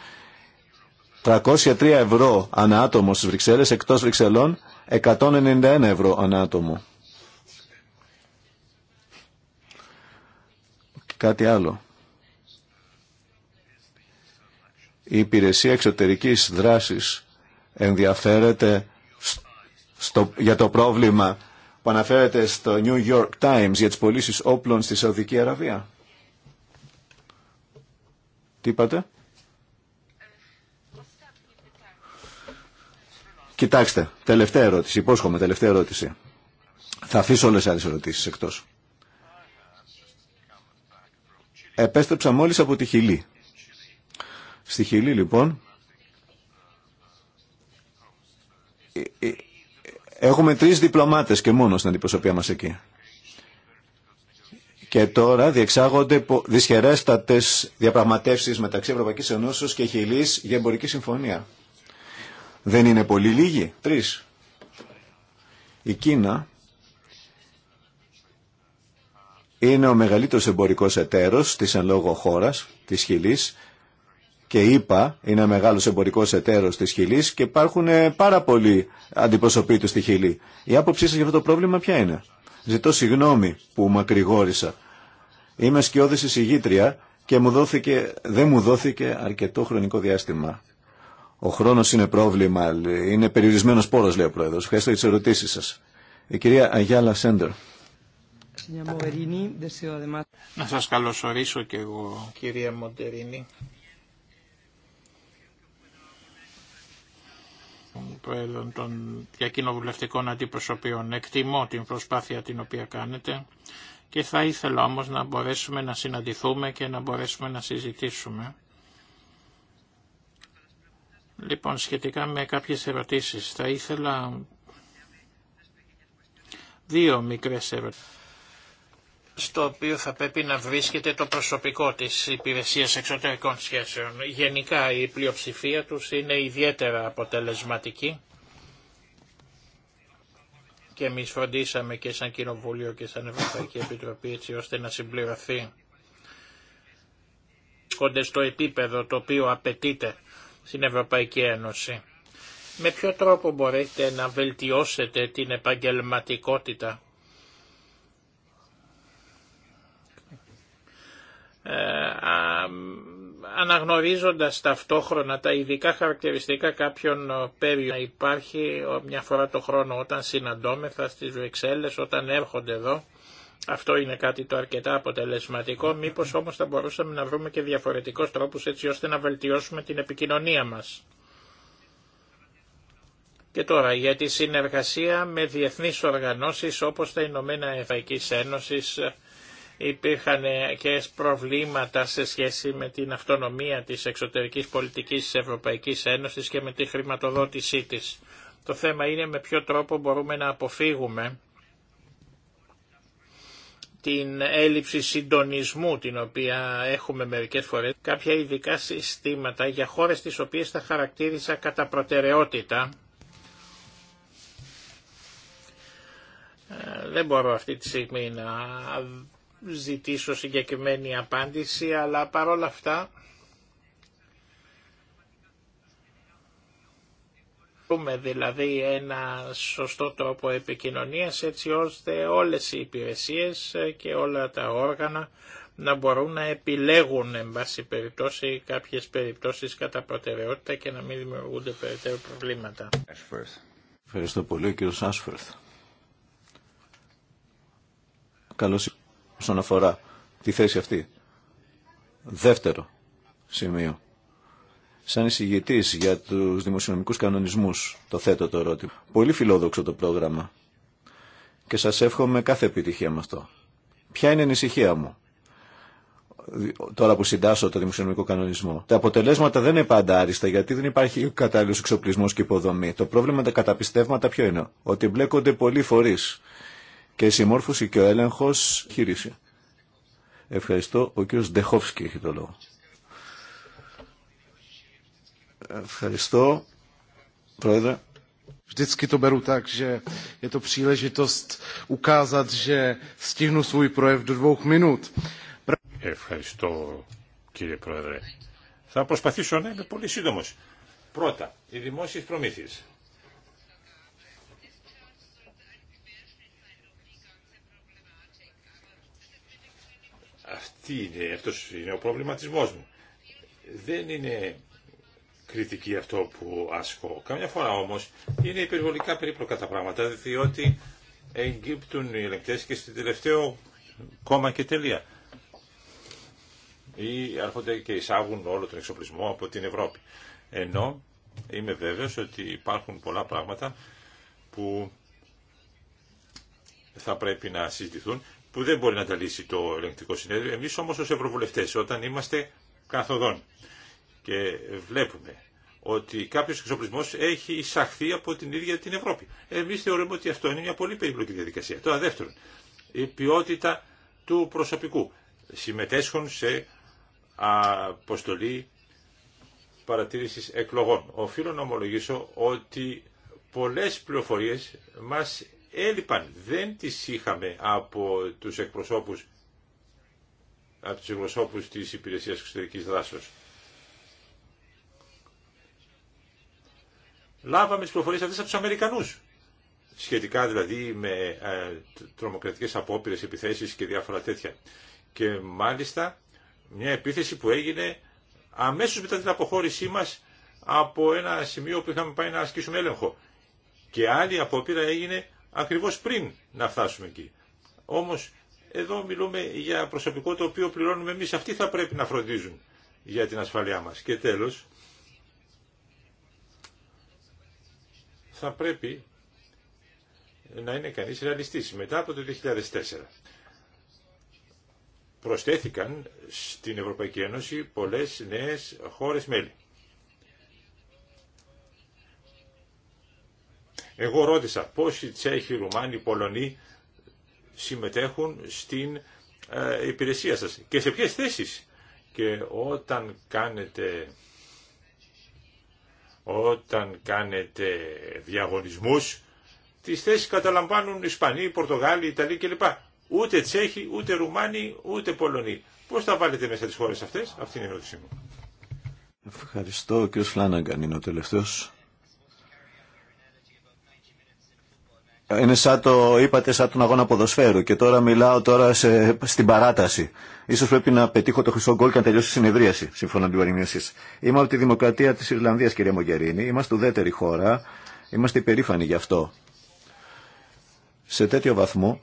303 ευρώ ανά άτομο στις Βρυξέλλες, εκτός Βρυξελών 191 ευρώ ανά άτομο. Κάτι άλλο. Η υπηρεσία εξωτερικής δράσης ενδιαφέρεται στο, για το πρόβλημα που αναφέρεται στο New York Times για τις πωλήσει όπλων στη Σαουδική Αραβία. Τι είπατε? Κοιτάξτε, τελευταία ερώτηση, υπόσχομαι τελευταία ερώτηση. Θα αφήσω όλες τις άλλες ερωτήσεις εκτός. Επέστρεψα μόλις από τη Χιλή. Στη Χιλή λοιπόν Έχουμε τρεις διπλωμάτες και μόνο στην αντιπροσωπεία μας εκεί. Και τώρα διεξάγονται δυσχερέστατες διαπραγματεύσεις μεταξύ Ευρωπαϊκής Ενώσεως και Χιλής για εμπορική συμφωνία. Δεν είναι πολύ λίγοι. Τρεις. Η Κίνα είναι ο μεγαλύτερος εμπορικός εταίρος της εν λόγω χώρας, της Χιλής και είπα είναι μεγάλος εμπορικός εταίρος της Χιλής και υπάρχουν ε, πάρα πολλοί αντιπροσωποί του στη Χιλή. Η άποψή σας για αυτό το πρόβλημα ποια είναι. Ζητώ συγγνώμη που μακρηγόρησα. Είμαι σκιώδης εισηγήτρια και μου δόθηκε, δεν μου δόθηκε αρκετό χρονικό διάστημα. Ο χρόνος είναι πρόβλημα, είναι περιορισμένος πόρος, λέει ο Πρόεδρος. Ευχαριστώ για τις ερωτήσεις σας. Η κυρία Αγιάλα Σέντερ. Να σας καλωσορίσω και εγώ, κυρία Μοντερίνη. Προέδρων των διακοινοβουλευτικών αντιπροσωπείων. Εκτιμώ την προσπάθεια την οποία κάνετε και θα ήθελα όμως να μπορέσουμε να συναντηθούμε και να μπορέσουμε να συζητήσουμε. Λοιπόν, σχετικά με κάποιες ερωτήσεις, θα ήθελα δύο μικρές ερωτήσεις στο οποίο θα πρέπει να βρίσκεται το προσωπικό της υπηρεσίας εξωτερικών σχέσεων. Γενικά η πλειοψηφία τους είναι ιδιαίτερα αποτελεσματική και εμεί φροντίσαμε και σαν Κοινοβούλιο και σαν Ευρωπαϊκή Επιτροπή έτσι ώστε να συμπληρωθεί κοντά στο επίπεδο το οποίο απαιτείται στην Ευρωπαϊκή Ένωση. Με ποιο τρόπο μπορείτε να βελτιώσετε την επαγγελματικότητα Ε, αναγνωρίζοντας ταυτόχρονα τα ειδικά χαρακτηριστικά κάποιων ε, να Υπάρχει μια φορά το χρόνο όταν συναντώμεθα στις Βρυξέλλες, όταν έρχονται εδώ. Αυτό είναι κάτι το αρκετά αποτελεσματικό. Μήπως όμως θα μπορούσαμε να βρούμε και διαφορετικούς τρόπους έτσι ώστε να βελτιώσουμε την επικοινωνία μας. Και τώρα για τη συνεργασία με διεθνείς οργανώσεις όπως τα Ηνωμένα Ευρωπαϊκής Ένωσης, υπήρχαν και προβλήματα σε σχέση με την αυτονομία της εξωτερικής πολιτικής της Ευρωπαϊκής Ένωσης και με τη χρηματοδότησή της. Το θέμα είναι με ποιο τρόπο μπορούμε να αποφύγουμε την έλλειψη συντονισμού την οποία έχουμε μερικές φορές, κάποια ειδικά συστήματα για χώρες τις οποίες θα χαρακτήρισα κατά προτεραιότητα. Ε, δεν μπορώ αυτή τη στιγμή να ζητήσω συγκεκριμένη απάντηση, αλλά παρόλα αυτά Έχουμε δηλαδή ένα σωστό τρόπο επικοινωνίας έτσι ώστε όλες οι υπηρεσίες και όλα τα όργανα να μπορούν να επιλέγουν εν πάση περιπτώσει κάποιες περιπτώσεις κατά προτεραιότητα και να μην δημιουργούνται περαιτέρω προβλήματα. Ευχαριστώ πολύ κύριος Καλώς όσον αφορά τη θέση αυτή. Δεύτερο σημείο. Σαν εισηγητή για του δημοσιονομικού κανονισμού, το θέτω το ερώτημα. Πολύ φιλόδοξο το πρόγραμμα. Και σα εύχομαι κάθε επιτυχία με αυτό. Ποια είναι η ανησυχία μου, τώρα που συντάσσω το δημοσιονομικό κανονισμό. Τα αποτελέσματα δεν είναι πάντα άριστα, γιατί δεν υπάρχει κατάλληλο εξοπλισμό και υποδομή. Το πρόβλημα με τα καταπιστεύματα ποιο είναι, ότι μπλέκονται πολλοί φορεί και η συμμόρφωση και ο έλεγχο χείριση. Ευχαριστώ. Ο κύριος Ντεχόφσκι έχει το λόγο. Ευχαριστώ, Πρόεδρε. Vždycky to beru tak, že je to příležitost ukázat, že stihnu svůj projev do dvou minut. Ευχαριστώ, κύριε Πρόεδρε. Θα προσπαθήσω να είμαι πολύ σύντομος. Πρώτα, οι δημόσιες προμήθειες. Αυτή είναι, αυτός είναι ο προβληματισμός μου. Δεν είναι κριτική αυτό που ασκώ. Καμιά φορά όμως είναι υπερβολικά περίπλοκα τα πράγματα, διότι εγκύπτουν οι ελεγκτές και στην τελευταίο κόμμα και τελεία. Ή έρχονται και εισάγουν όλο τον εξοπλισμό από την Ευρώπη. Ενώ είμαι βέβαιος ότι υπάρχουν πολλά πράγματα που θα πρέπει να συζητηθούν που δεν μπορεί να τα λύσει το ελεγκτικό συνέδριο. Εμείς όμως ως ευρωβουλευτές όταν είμαστε καθοδόν και βλέπουμε ότι κάποιο εξοπλισμό έχει εισαχθεί από την ίδια την Ευρώπη. Εμεί θεωρούμε ότι αυτό είναι μια πολύ περίπλοκη διαδικασία. Τώρα, δεύτερον, η ποιότητα του προσωπικού. Συμμετέσχουν σε αποστολή παρατήρησης εκλογών. Οφείλω να ομολογήσω ότι πολλές πληροφορίες μας έλειπαν. Δεν τις είχαμε από τους εκπροσώπους από τους εκπροσώπους της Υπηρεσίας Εξωτερικής Δράσεως. Λάβαμε τις προφορίες αυτές από τους Αμερικανούς. Σχετικά δηλαδή με ε, τρομοκρατικές απόπειρες, επιθέσεις και διάφορα τέτοια. Και μάλιστα μια επίθεση που έγινε αμέσως μετά την αποχώρησή μας από ένα σημείο που είχαμε πάει να ασκήσουμε έλεγχο. Και άλλη απόπειρα έγινε ακριβώς πριν να φτάσουμε εκεί. Όμως εδώ μιλούμε για προσωπικό το οποίο πληρώνουμε εμείς. Αυτοί θα πρέπει να φροντίζουν για την ασφαλειά μας. Και τέλος, θα πρέπει να είναι κανείς ρεαλιστής. Μετά από το 2004 προσθέθηκαν στην Ευρωπαϊκή Ένωση πολλές νέες χώρες μέλη. Εγώ ρώτησα πόσοι Τσέχοι, Ρουμάνοι, Πολωνοί συμμετέχουν στην ε, υπηρεσία σας και σε ποιες θέσεις. Και όταν κάνετε, όταν κάνετε διαγωνισμούς, τις θέσεις καταλαμβάνουν Ισπανοί, Πορτογάλοι, Ιταλοί κλπ. Ούτε Τσέχοι, ούτε Ρουμάνοι, ούτε Πολωνοί. Πώς τα βάλετε μέσα τις χώρες αυτές, αυτή είναι η ερώτησή μου. Ευχαριστώ. Ο κ. είναι ο τελευταίος. είναι σαν το είπατε σαν τον αγώνα ποδοσφαίρου και τώρα μιλάω τώρα σε, στην παράταση. Ίσως πρέπει να πετύχω το χρυσό γκολ και να τελειώσει η συνεδρίαση, σύμφωνα με την παροιμία Είμαι από τη Δημοκρατία της Ιρλανδίας, κυρία Μογκερίνη. Είμαστε ουδέτερη χώρα. Είμαστε υπερήφανοι γι' αυτό. Σε τέτοιο βαθμό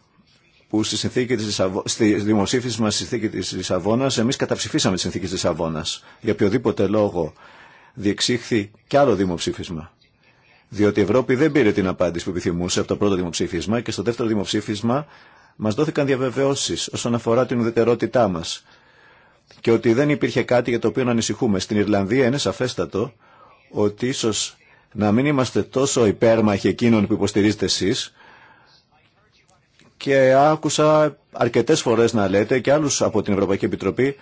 που στη, συνθήκη της Λισαβ... στη δημοσίευση μας στη συνθήκη της Λισαβόνας εμείς καταψηφίσαμε τη συνθήκη της Λισαβόνας. Για οποιοδήποτε λόγο διεξήχθη κι άλλο δημοψήφισμα διότι η Ευρώπη δεν πήρε την απάντηση που επιθυμούσε από το πρώτο δημοψήφισμα και στο δεύτερο δημοψήφισμα μα δόθηκαν διαβεβαιώσει όσον αφορά την ουδετερότητά μα και ότι δεν υπήρχε κάτι για το οποίο να ανησυχούμε. Στην Ιρλανδία είναι σαφέστατο ότι ίσω να μην είμαστε τόσο υπέρμαχοι εκείνων που υποστηρίζετε εσεί και άκουσα αρκετέ φορέ να λέτε και άλλου από την Ευρωπαϊκή Επιτροπή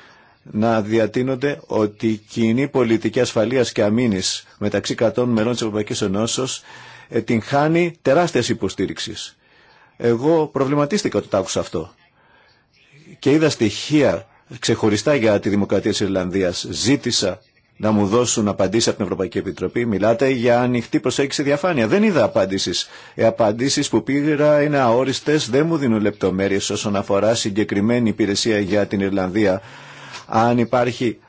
να διατείνονται ότι η κοινή πολιτική ασφαλείας και αμήνης μεταξύ 100 μερών της Ευρωπαϊκής Ενώσεως ε, την χάνει τεράστιας υποστήριξεις. Εγώ προβληματίστηκα όταν το άκουσα αυτό και είδα στοιχεία ξεχωριστά για τη δημοκρατία της Ιρλανδίας. Ζήτησα να μου δώσουν απαντήσει από την Ευρωπαϊκή Επιτροπή. Μιλάτε για ανοιχτή προσέγγιση διαφάνεια. Δεν είδα απαντήσει. Οι απαντήσει που πήρα είναι αόριστε, δεν μου δίνουν λεπτομέρειε όσον αφορά συγκεκριμένη υπηρεσία για την Ιρλανδία αν υπάρχει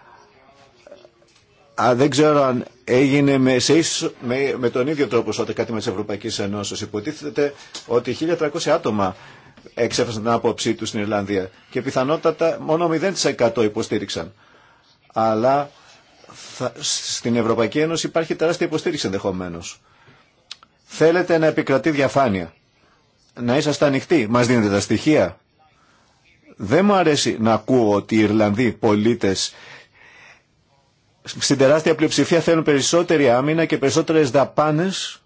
Α, δεν ξέρω αν έγινε με, σε με, τον ίδιο τρόπο ότι κάτι με τη Ευρωπαϊκή Ενώσεις. Υποτίθεται ότι 1.300 άτομα εξέφρασαν την άποψή του στην Ιρλανδία και πιθανότατα μόνο 0% υποστήριξαν. Αλλά στην Ευρωπαϊκή Ένωση υπάρχει τεράστια υποστήριξη ενδεχομένω. Θέλετε να επικρατεί διαφάνεια. Να είσαστε ανοιχτοί. μας δίνετε τα στοιχεία. Δεν μου αρέσει να ακούω ότι οι Ιρλανδοί πολίτες στην τεράστια πλειοψηφία θέλουν περισσότερη άμυνα και περισσότερες δαπάνες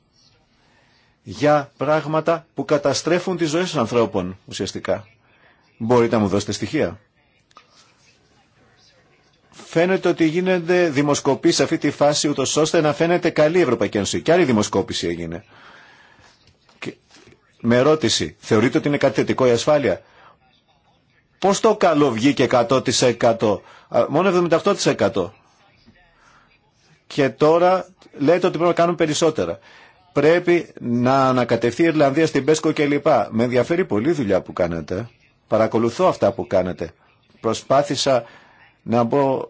για πράγματα που καταστρέφουν τις ζωές των ανθρώπων ουσιαστικά. Μπορείτε να μου δώσετε στοιχεία. Φαίνεται ότι γίνονται δημοσκοπή σε αυτή τη φάση ούτω ώστε να φαίνεται καλή η Ευρωπαϊκή Ένωση. Και άλλη δημοσκόπηση έγινε. Και με ερώτηση, θεωρείτε ότι είναι κάτι θετικό η ασφάλεια. Πώς το καλό βγήκε 100%. Μόνο 78%. Και τώρα λέτε ότι πρέπει να κάνουν περισσότερα. Πρέπει να ανακατευθεί η Ιρλανδία στην Πέσκο κλπ. Με ενδιαφέρει πολύ η δουλειά που κάνετε. Παρακολουθώ αυτά που κάνετε. Προσπάθησα να μπω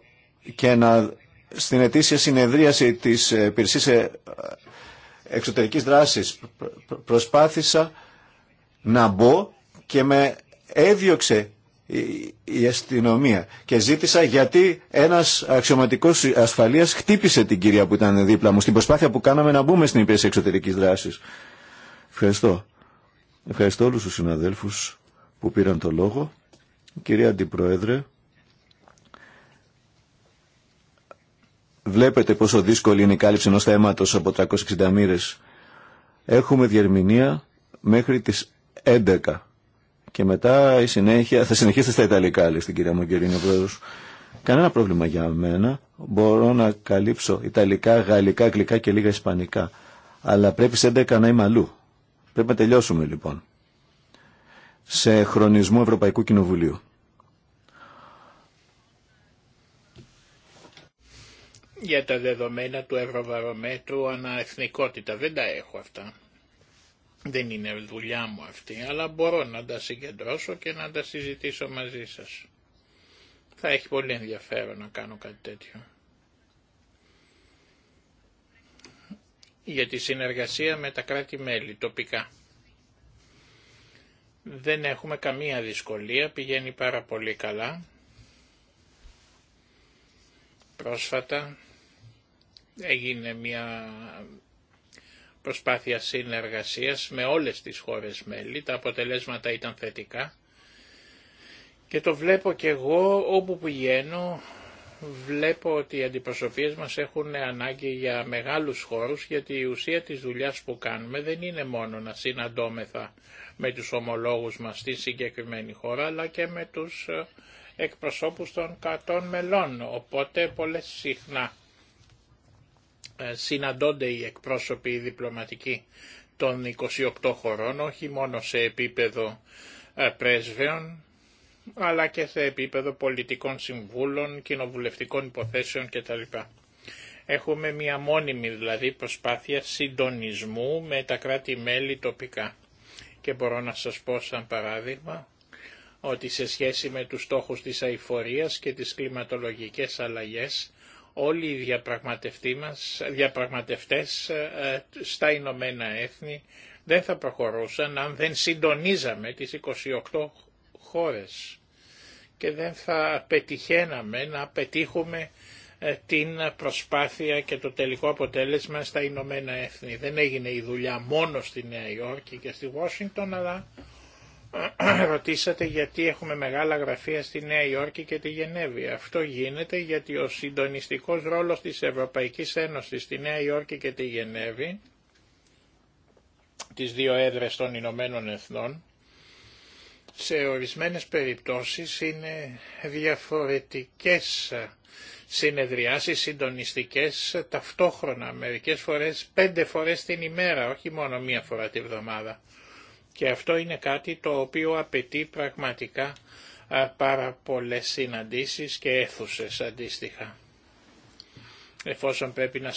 και να στην ετήσια συνεδρίαση της ε, υπηρεσία ε, εξωτερικής δράσης προσπάθησα να μπω και με έδιωξε η αστυνομία και ζήτησα γιατί ένας αξιωματικός ασφαλείας χτύπησε την κυρία που ήταν δίπλα μου στην προσπάθεια που κάναμε να μπούμε στην υπηρεσία εξωτερικής δράσης. Ευχαριστώ. Ευχαριστώ όλους τους συναδέλφους που πήραν το λόγο. Κυρία Αντιπρόεδρε, βλέπετε πόσο δύσκολη είναι η κάλυψη ενός θέματος από 360 μοίρες. Έχουμε διερμηνία μέχρι τις 11. Και μετά η συνέχεια, θα συνεχίσετε στα Ιταλικά, λέει στην κυρία Μογκερίνη ο πρόεδρος. Κανένα πρόβλημα για μένα. Μπορώ να καλύψω Ιταλικά, Γαλλικά, Αγγλικά και λίγα Ισπανικά. Αλλά πρέπει σε 11 να είμαι αλλού. Πρέπει να τελειώσουμε λοιπόν. Σε χρονισμό Ευρωπαϊκού Κοινοβουλίου. Για τα δεδομένα του Ευρωβαρομέτρου αναεθνικότητα δεν τα έχω αυτά. Δεν είναι δουλειά μου αυτή, αλλά μπορώ να τα συγκεντρώσω και να τα συζητήσω μαζί σας. Θα έχει πολύ ενδιαφέρον να κάνω κάτι τέτοιο. Για τη συνεργασία με τα κράτη-μέλη τοπικά. Δεν έχουμε καμία δυσκολία, πηγαίνει πάρα πολύ καλά. Πρόσφατα έγινε μια προσπάθεια συνεργασίας με όλες τις χώρες μέλη, τα αποτελέσματα ήταν θετικά και το βλέπω και εγώ όπου πηγαίνω βλέπω ότι οι αντιπροσωπείες μας έχουν ανάγκη για μεγάλους χώρους γιατί η ουσία της δουλειάς που κάνουμε δεν είναι μόνο να συναντώμεθα με τους ομολόγους μας στη συγκεκριμένη χώρα αλλά και με τους ε, εκπροσώπους των κατών μελών οπότε πολλές συχνά ε, συναντώνται οι εκπρόσωποι οι διπλωματικοί των 28 χωρών, όχι μόνο σε επίπεδο ε, πρέσβεων, αλλά και σε επίπεδο πολιτικών συμβούλων, κοινοβουλευτικών υποθέσεων κτλ. Έχουμε μια μόνιμη δηλαδή προσπάθεια συντονισμού με τα κράτη-μέλη τοπικά. Και μπορώ να σας πω σαν παράδειγμα ότι σε σχέση με τους στόχους της αηφορίας και τις κλιματολογικές αλλαγές όλοι οι διαπραγματευτές, μας, διαπραγματευτές ε, ε, στα Ηνωμένα Έθνη δεν θα προχωρούσαν αν δεν συντονίζαμε τις 28 χώρες και δεν θα πετυχαίναμε να πετύχουμε ε, την προσπάθεια και το τελικό αποτέλεσμα στα Ηνωμένα Έθνη. Δεν έγινε η δουλειά μόνο στη Νέα Υόρκη και στη Βόσινγκτον αλλά ρωτήσατε γιατί έχουμε μεγάλα γραφεία στη Νέα Υόρκη και τη Γενέβη. Αυτό γίνεται γιατί ο συντονιστικός ρόλος της Ευρωπαϊκής Ένωσης στη Νέα Υόρκη και τη Γενέβη, τις δύο έδρες των Ηνωμένων Εθνών, σε ορισμένες περιπτώσεις είναι διαφορετικές συνεδριάσεις συντονιστικές ταυτόχρονα, μερικές φορές πέντε φορές την ημέρα, όχι μόνο μία φορά την εβδομάδα. Και αυτό είναι κάτι το οποίο απαιτεί πραγματικά πάρα πολλές συναντήσεις και αίθουσες αντίστοιχα. Εφόσον πρέπει να